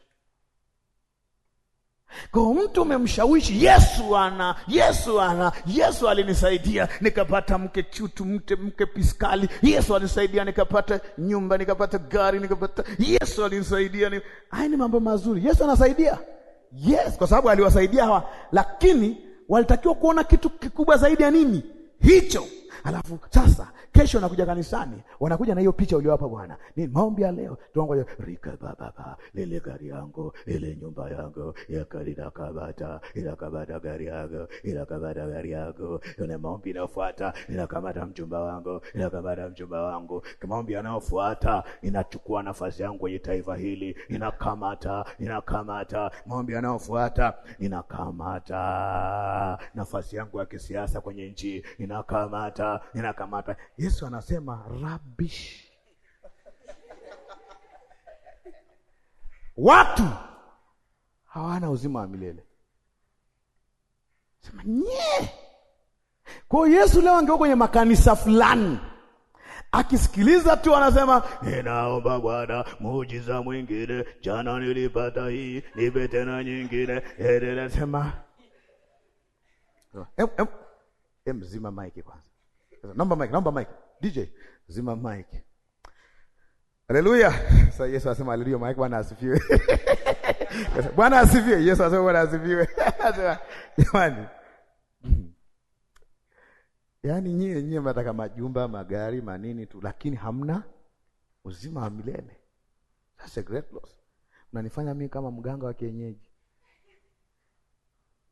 Kwa mtu umemshawishi Yesu ana Yesu ana Yesu alinisaidia nikapata mke chutu mke, mke piskali. Yesu alinisaidia nikapata nyumba nikapata gari nikapata. Yesu alinisaidia ni haya ni mambo mazuri. Yesu anasaidia yes, kwa sababu aliwasaidia hawa, lakini walitakiwa kuona kitu kikubwa zaidi ya nini hicho. Alafu sasa Kesho nakuja kanisani, wanakuja na hiyo picha uliowapa Bwana. Ni maombi ya leo tuangoje, rika baba lele gari yangu ile nyumba yangu yakalina kabata ila kabata gari yangu ila kabata gari yangu. Ile maombi inayofuata ila kamata mchumba wangu ila kabata mchumba wangu. Maombi yanayofuata inachukua nafasi yangu kwenye taifa hili, inakamata inakamata. Maombi yanayofuata inakamata nafasi yangu ya kisiasa kwenye nchi, inakamata inakamata Yesu anasema rubbish. Watu hawana uzima wa milele. Sema nye. Kwa hiyo Yesu leo angekuwa kwenye makanisa fulani akisikiliza tu anasema, ninaomba Bwana muujiza mwingine, jana nilipata hii, nipe tena nyingine. Endelea sema. Em, em, em, zima maiki kwanza naomba mic, naomba mic. DJ, zima mic. Haleluya. Sasa so, Yesu asema haleluya, mic Bwana asifiwe. Bwana asifiwe. Yesu asema Bwana asifiwe. Jamani. Yaani nyie nyie mnataka majumba, magari, manini tu lakini hamna uzima wa milele. That's a great loss. Unanifanya mimi kama mganga wa kienyeji.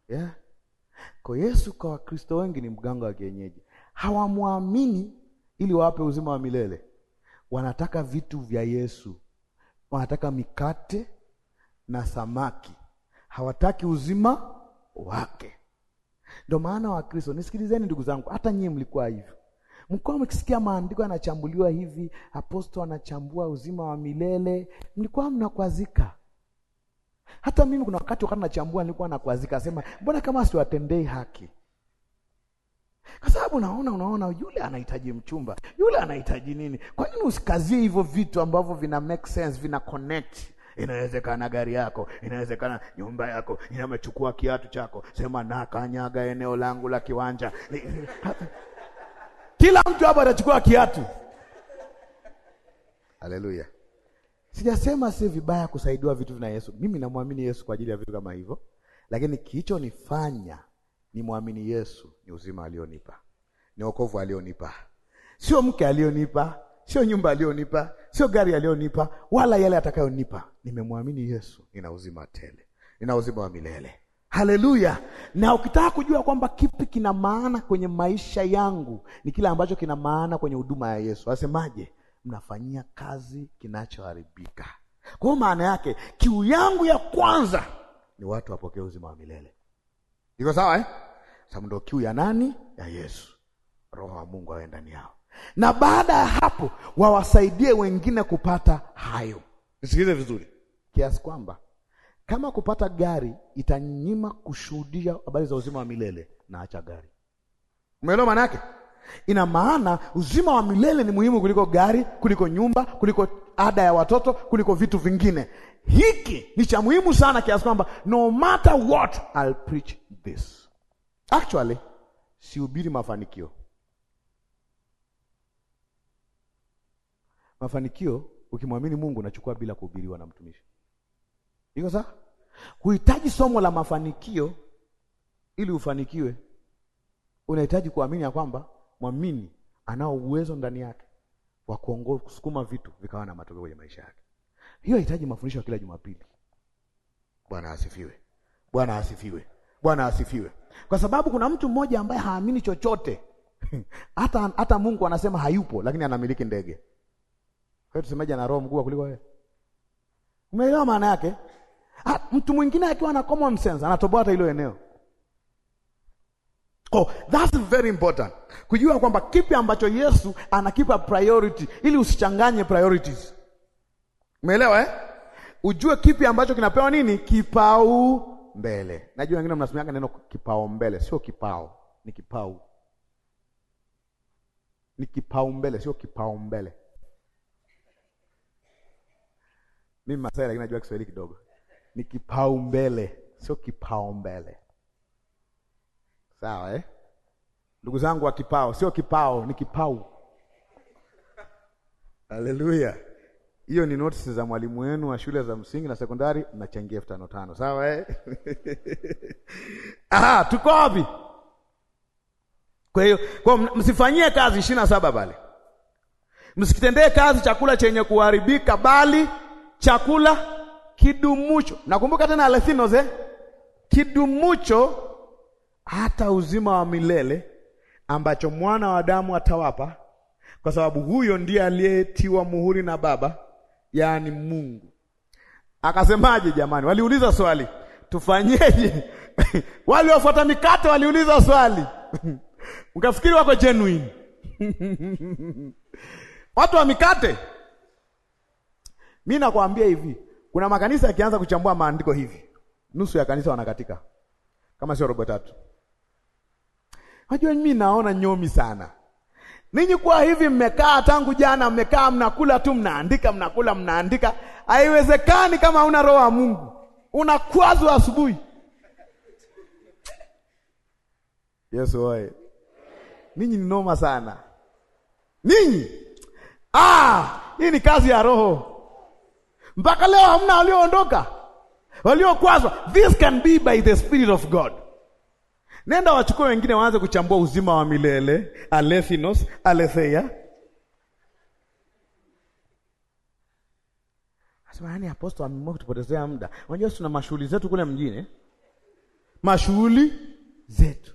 Yeah. Kwa Yesu kwa Wakristo wengi ni mganga wa kienyeji hawamwamini ili wawape uzima wa milele. Wanataka vitu vya Yesu, wanataka mikate na samaki, hawataki uzima wake. Ndio maana wa kristo nisikilizeni ndugu zangu, hata nyie mlikuwa hivyo mkuwa mkisikia maandiko yanachambuliwa hivi, apostol anachambua uzima wa milele, mlikuwa mnakwazika. Hata mimi kuna wakati wakati nachambua nilikuwa nakwazika, sema mbona kama siwatendei haki? Kwa sababu naona, unaona, yule anahitaji mchumba, yule anahitaji nini? Kwa nini usikazie hivyo vitu ambavyo vina make sense, vina connect? Inawezekana gari yako, inawezekana nyumba yako, inamechukua kiatu chako, sema kanyaga eneo langu la kiwanja. Kila mtu hapa atachukua kiatu. Haleluya! Sijasema si vibaya kusaidiwa vitu vina Yesu. Mimi namwamini Yesu kwa ajili ya vitu kama hivyo, lakini kilichonifanya nimwamini Yesu ni uzima alionipa, ni wokovu alionipa, sio mke alionipa, sio nyumba alionipa, sio gari alionipa, wala yale atakayonipa. Nimemwamini Yesu, nina uzima tele, nina uzima wa milele. Haleluya! Na ukitaka kujua kwamba kipi kina maana kwenye maisha yangu, ni kile ambacho kina maana kwenye huduma ya Yesu. Asemaje? mnafanyia kazi kinachoharibika. Kwa maana yake kiu yangu ya kwanza ni watu wapokee uzima wa milele. Iko sawa eh? Sababu ndio kiu ya nani? Ya Yesu. Roho wa Mungu awe ndani yao, na baada ya hapo wawasaidie wengine kupata hayo. Nisikilize vizuri, kiasi kwamba kama kupata gari itanyima kushuhudia habari za uzima wa milele, naacha gari. Umeelewa maana yake? Ina maana uzima wa milele ni muhimu kuliko gari, kuliko nyumba, kuliko ada ya watoto, kuliko vitu vingine. Hiki ni cha muhimu sana, kiasi kwamba no matter what I'll preach this. Actually, sihubiri mafanikio. Mafanikio ukimwamini Mungu unachukua bila kuhubiriwa na mtumishi. Iko sawa? Huhitaji somo la mafanikio ili ufanikiwe. Unahitaji kuamini ya kwamba mwamini anao uwezo ndani yake wa kuongoza kusukuma vitu vikawa na matokeo kwenye maisha yake. Hiyo inahitaji mafundisho ya kila Jumapili. Bwana asifiwe. Bwana asifiwe. Bwana asifiwe. Kwa sababu kuna mtu mmoja ambaye haamini chochote hata hata Mungu anasema hayupo, lakini anamiliki ndege. Kwa hiyo tusemaje, ana roho mkubwa kuliko wewe? Umeelewa maana yake? Ha, mtu mwingine akiwa na common sense anatoboa hata hilo eneo. Oh, that's very important kujua kwamba kipi ambacho Yesu anakipa priority ili usichanganye priorities. Umeelewa eh? Ujue kipi ambacho kinapewa nini kipau mbele. Najua wengine mnasemaga neno kipao mbele, sio kipao, ni kipau, ni kipau mbele, sio kipao mbele. Mimi Masai, lakini najua Kiswahili kidogo. Ni kipau mbele, sio kipao mbele, sawa eh? Ndugu zangu wa kipao, sio kipao, ni kipau. Haleluya! hiyo ni notisi za mwalimu wenu wa shule za msingi na sekondari, nachangia elfu tano tano. Sawa eh? Aha, tuko wapi? Kwa hiyo kwa msifanyie kazi ishirini na saba bali msikitendee kazi chakula chenye kuharibika, bali chakula kidumucho. Nakumbuka tena alethinos eh? kidumucho hata uzima wa milele ambacho mwana wa damu atawapa, kwa sababu huyo ndiye aliyetiwa muhuri na Baba yaani Mungu. Akasemaje jamani? Waliuliza swali, tufanyeje? Waliofuata mikate waliuliza swali mkafikiri wako genuine watu wa mikate. Mi nakwambia hivi, kuna makanisa yakianza kuchambua maandiko hivi, nusu ya kanisa wanakatika, kama sio robo tatu. Wajua, mimi naona nyomi sana Ninyi kwa hivi mmekaa tangu jana, mmekaa mnakula tu, mnaandika, mnakula, mnaandika. Haiwezekani kama una roho ya Mungu, unakwazwa asubuhi. Yesu oye! Ninyi ni noma sana ninyi. Ah, hii ni kazi ya Roho. Mpaka leo hamna walioondoka, waliokwazwa. This can be by the Spirit of God. Nenda wachukue wengine waanze kuchambua uzima wa milele alethinos, aletheia. Yaani apostol ameamua kutupotezea muda. Unajua tuna mashughuli zetu kule mjini, mashughuli zetu.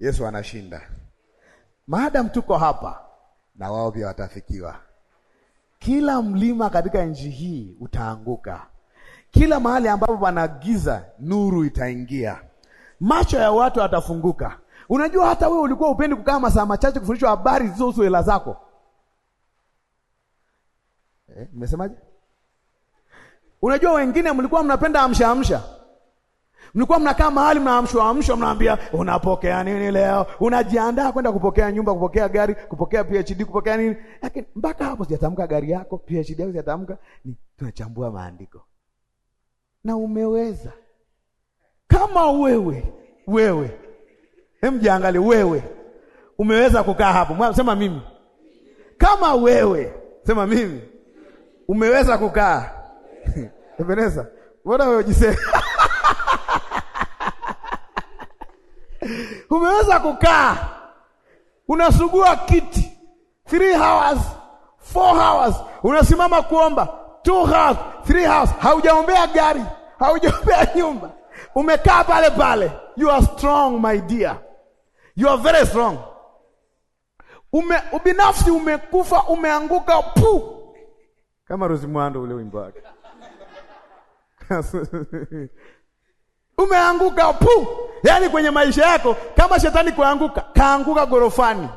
Yesu anashinda. Maadam tuko hapa, na wao pia watafikiwa. Kila mlima katika nchi hii utaanguka kila mahali ambapo pana giza, nuru itaingia, macho ya watu atafunguka. Unajua hata wewe ulikuwa upendi kukaa masaa machache kufundishwa habari zilizohusu hela zako. Eh, nimesemaje? Unajua wengine mlikuwa mnapenda amsha amsha. Mlikuwa mnakaa mahali mnaamshwa amshwa, mnaambia unapokea nini leo, unajiandaa kwenda kupokea nyumba, kupokea gari, kupokea PhD, kupokea nini, lakini mpaka hapo sijatamka gari yako, PhD yako sijatamka, ni tunachambua maandiko na umeweza. Kama wewe wewe, hem, jiangalie wewe, umeweza kukaa hapo. Sema mimi, kama wewe, sema mimi, umeweza kukaa Ebeneza, mbona wewe jisema umeweza kukaa, unasugua kiti 3 hours 4 hours, unasimama kuomba two house, three house. Haujaombea gari, haujaombea nyumba, umekaa pale pale. You are strong my dear, you are very strong. Ume, ubinafsi umekufa, umeanguka pu kama Rozi Mwando ule wimbo wake umeanguka pu, yaani kwenye maisha yako kama shetani kuanguka, kaanguka gorofani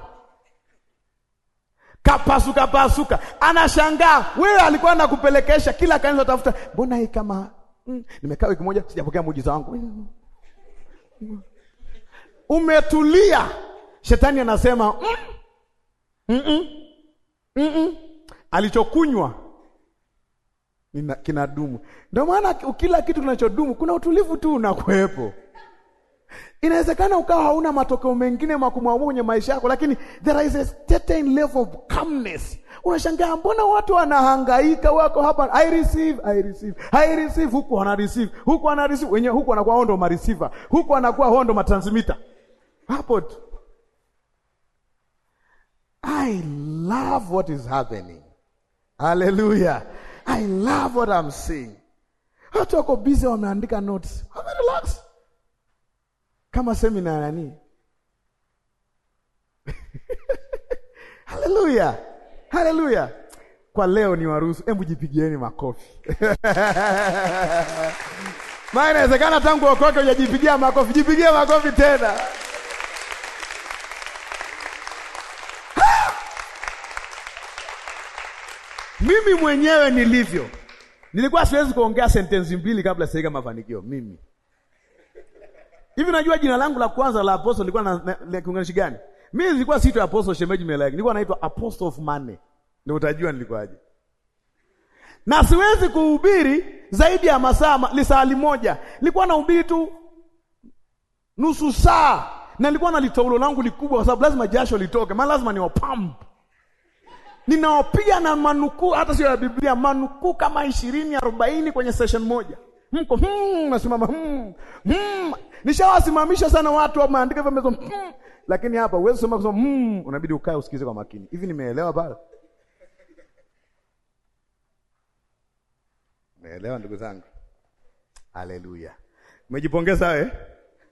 kapasuka pasuka, anashangaa. Wewe alikuwa nakupelekesha kila kanisa, tafuta mbona hii kama mm. Nimekaa wiki moja sijapokea muujiza wangu mm. Umetulia, shetani anasema mm. Mm -mm. Mm -mm. Alichokunywa kinadumu. Ndio maana kila kitu kinachodumu kuna utulivu tu unakuwepo. Inawezekana ukawa hauna matokeo mengine makubwa kwenye maisha yako, lakini there is a certain level of calmness. Unashangaa, mbona watu wanahangaika, wako hapa, I receive, I receive, I receive, huku wana receive, huku wana receive, wenye huku anakuwa hondo ma receiver, huku anakuwa hondo ma transmitter. Hapo tu. I love what is happening. Hallelujah. I love what I'm seeing. Watu wako busy wameandika notes. Wame relax kama semina nani? Haleluya, haleluya! Kwa leo ni waruhusu, hebu jipigieni makofi maana inawezekana tangu okoke hujajipigia makofi. Jipigie makofi tena. Mimi mwenyewe nilivyo, nilikuwa siwezi kuongea sentensi mbili kabla sijaika mafanikio mimi Hivi najua jina langu la kwanza la apostle lilikuwa na, na, na kiunganishi gani? Mimi nilikuwa siitwa apostle shemeji mimi like. Nilikuwa naitwa apostle of money. Ndio utajua nilikuwaje. Na siwezi kuhubiri zaidi ya masaa lisaa moja. Nilikuwa nahubiri tu nusu saa na nilikuwa na litaulo langu likubwa kwa sababu lazima jasho litoke, maana lazima niwapump. Ninawapiga na manukuu hata sio ya Biblia, manukuu kama 20 40 kwenye session moja. Mko hmm, nasimama hmm, hmm. Nishawasimamisha sana watu wa maandika hivyo mmezo, eh. lakini hapa uweze kusema kusema mmm, unabidi ukae usikize kwa makini. Hivi nimeelewa pale? Nimeelewa ndugu zangu. Haleluya. Umejipongeza wewe?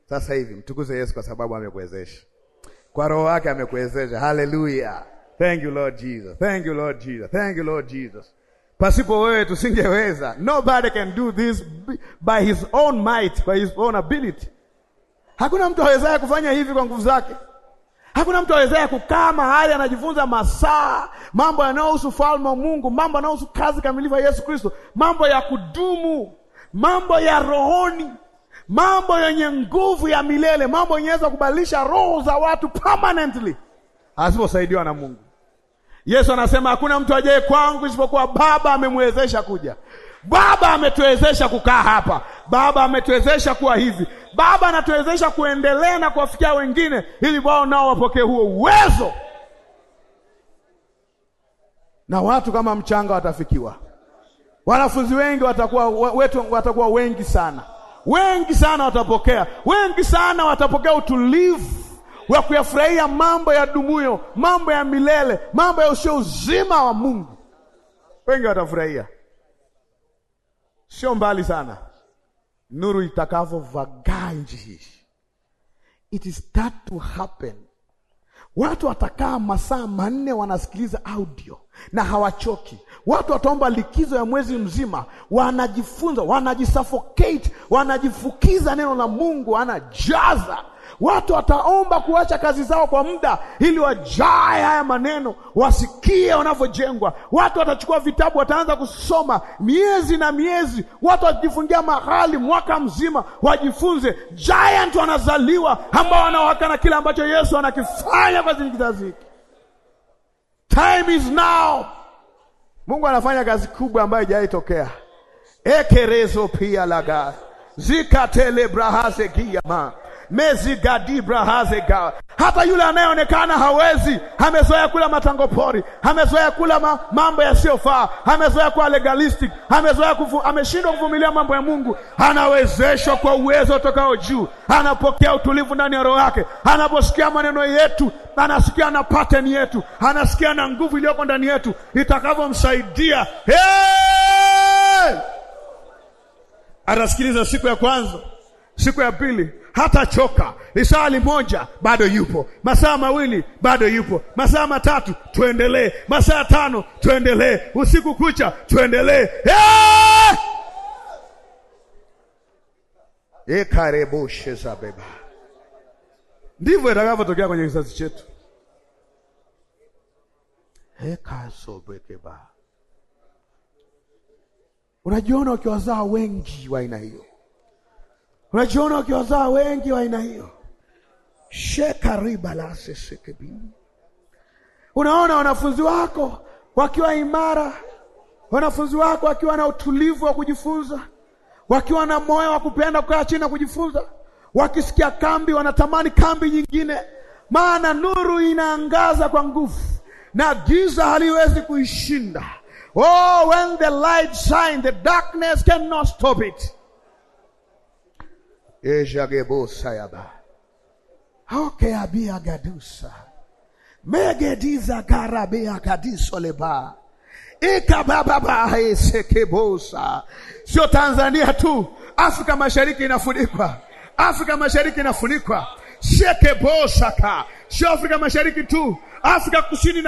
Sasa hivi mtukuze Yesu kwa sababu amekuwezesha. Kwa roho wake amekuwezesha. Haleluya. Thank you Lord Jesus. Thank you Lord Jesus. Thank you Lord Jesus. Pasipo wewe tusingeweza. Nobody can do this by his own might, by his own ability. Hakuna mtu awezaye kufanya hivi kwa nguvu zake. Hakuna mtu awezaye kukaa mahali anajifunza masaa, mambo yanayohusu falme wa Mungu, mambo yanayohusu kazi kamilifu ya Yesu Kristo, mambo ya kudumu, mambo ya rohoni, mambo yenye nguvu ya milele, mambo yenyeweza kubadilisha roho za watu permanently, asiposaidiwa na Mungu. Yesu anasema hakuna mtu ajaye kwangu isipokuwa Baba amemwezesha kuja. Baba ametuwezesha kukaa hapa, Baba ametuwezesha kuwa hivi, Baba anatuwezesha kuendelea na kuwafikia wengine, ili wao nao wapokee huo uwezo, na watu kama mchanga watafikiwa. Wanafunzi wengi watakuwa wetu, watakuwa wengi sana, wengi sana watapokea, wengi sana watapokea utulivu wa kuyafurahia mambo ya dumuyo, mambo ya milele, mambo ya usio uzima wa Mungu. Wengi watafurahia sio mbali sana, nuru itakavyovagaa nchi hii. It is start to happen. Watu watakaa masaa manne wanasikiliza audio na hawachoki. Watu wataomba likizo ya mwezi mzima, wanajifunza, wanajisuffocate, wanajifukiza neno la Mungu, wanajaza Watu wataomba kuacha kazi zao kwa muda ili wajae haya maneno, wasikie wanavyojengwa. Watu watachukua vitabu, wataanza kusoma miezi na miezi. Watu watajifungia mahali mwaka mzima wajifunze. Giant wanazaliwa ambao wanawakana kile ambacho Yesu anakifanya kwa kizazi hiki. Time is now. Mungu anafanya kazi kubwa ambayo ijaitokea Ekerezo pia laga zikatelebrahasekiama mezi gadibra hazega. Hata yule anayeonekana hawezi, amezoea kula matango pori, amezoea kula ma, mambo yasiyofaa, amezoea kuwa legalistic, amezoea kufu, ameshindwa kuvumilia mambo ya Mungu, anawezeshwa kwa uwezo utokao juu, anapokea utulivu ndani ya roho yake, anaposikia maneno yetu, anasikia na pattern yetu, anasikia na nguvu iliyoko ndani yetu itakavyomsaidia hey! Atasikiliza siku ya kwanza, siku ya pili, choka Lisali moja bado yupo, masaa mawili bado yupo, masaa matatu tuendelee, masaa tano tuendelee, usiku kucha tuendelee. ekarebushe e za beba, ndivyo itakavyotokea kwenye kizazi chetu. Ekazobekeba, unajiona ukiwazaa wengi wa aina hiyo unajiona ukiwazaa wengi wa aina hiyo shekariba lasesekebi. Unaona wanafunzi wako wakiwa imara, wanafunzi wako wakiwa na utulivu wa kujifunza, wakiwa na moyo wa kupenda kukaa chini na kujifunza, wakisikia kambi wanatamani kambi nyingine, maana nuru inaangaza kwa nguvu na giza haliwezi kuishinda. Oh, when the light shine, the darkness cannot stop it ejagebosayaba okeabiagadusa megediza garabeagadisoleba ikabababahesekebosa. Sio Tanzania tu, Afrika Mashariki inafunikwa, Afrika Mashariki inafunikwa shekebosaka. Sio Afrika Mashariki tu Afrika Kusini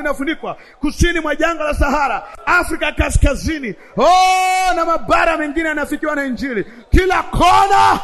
inafunikwa, kusini mwa jangwa la Sahara, Afrika Kaskazini, oh, na mabara mengine yanafikiwa na Injili kila kona.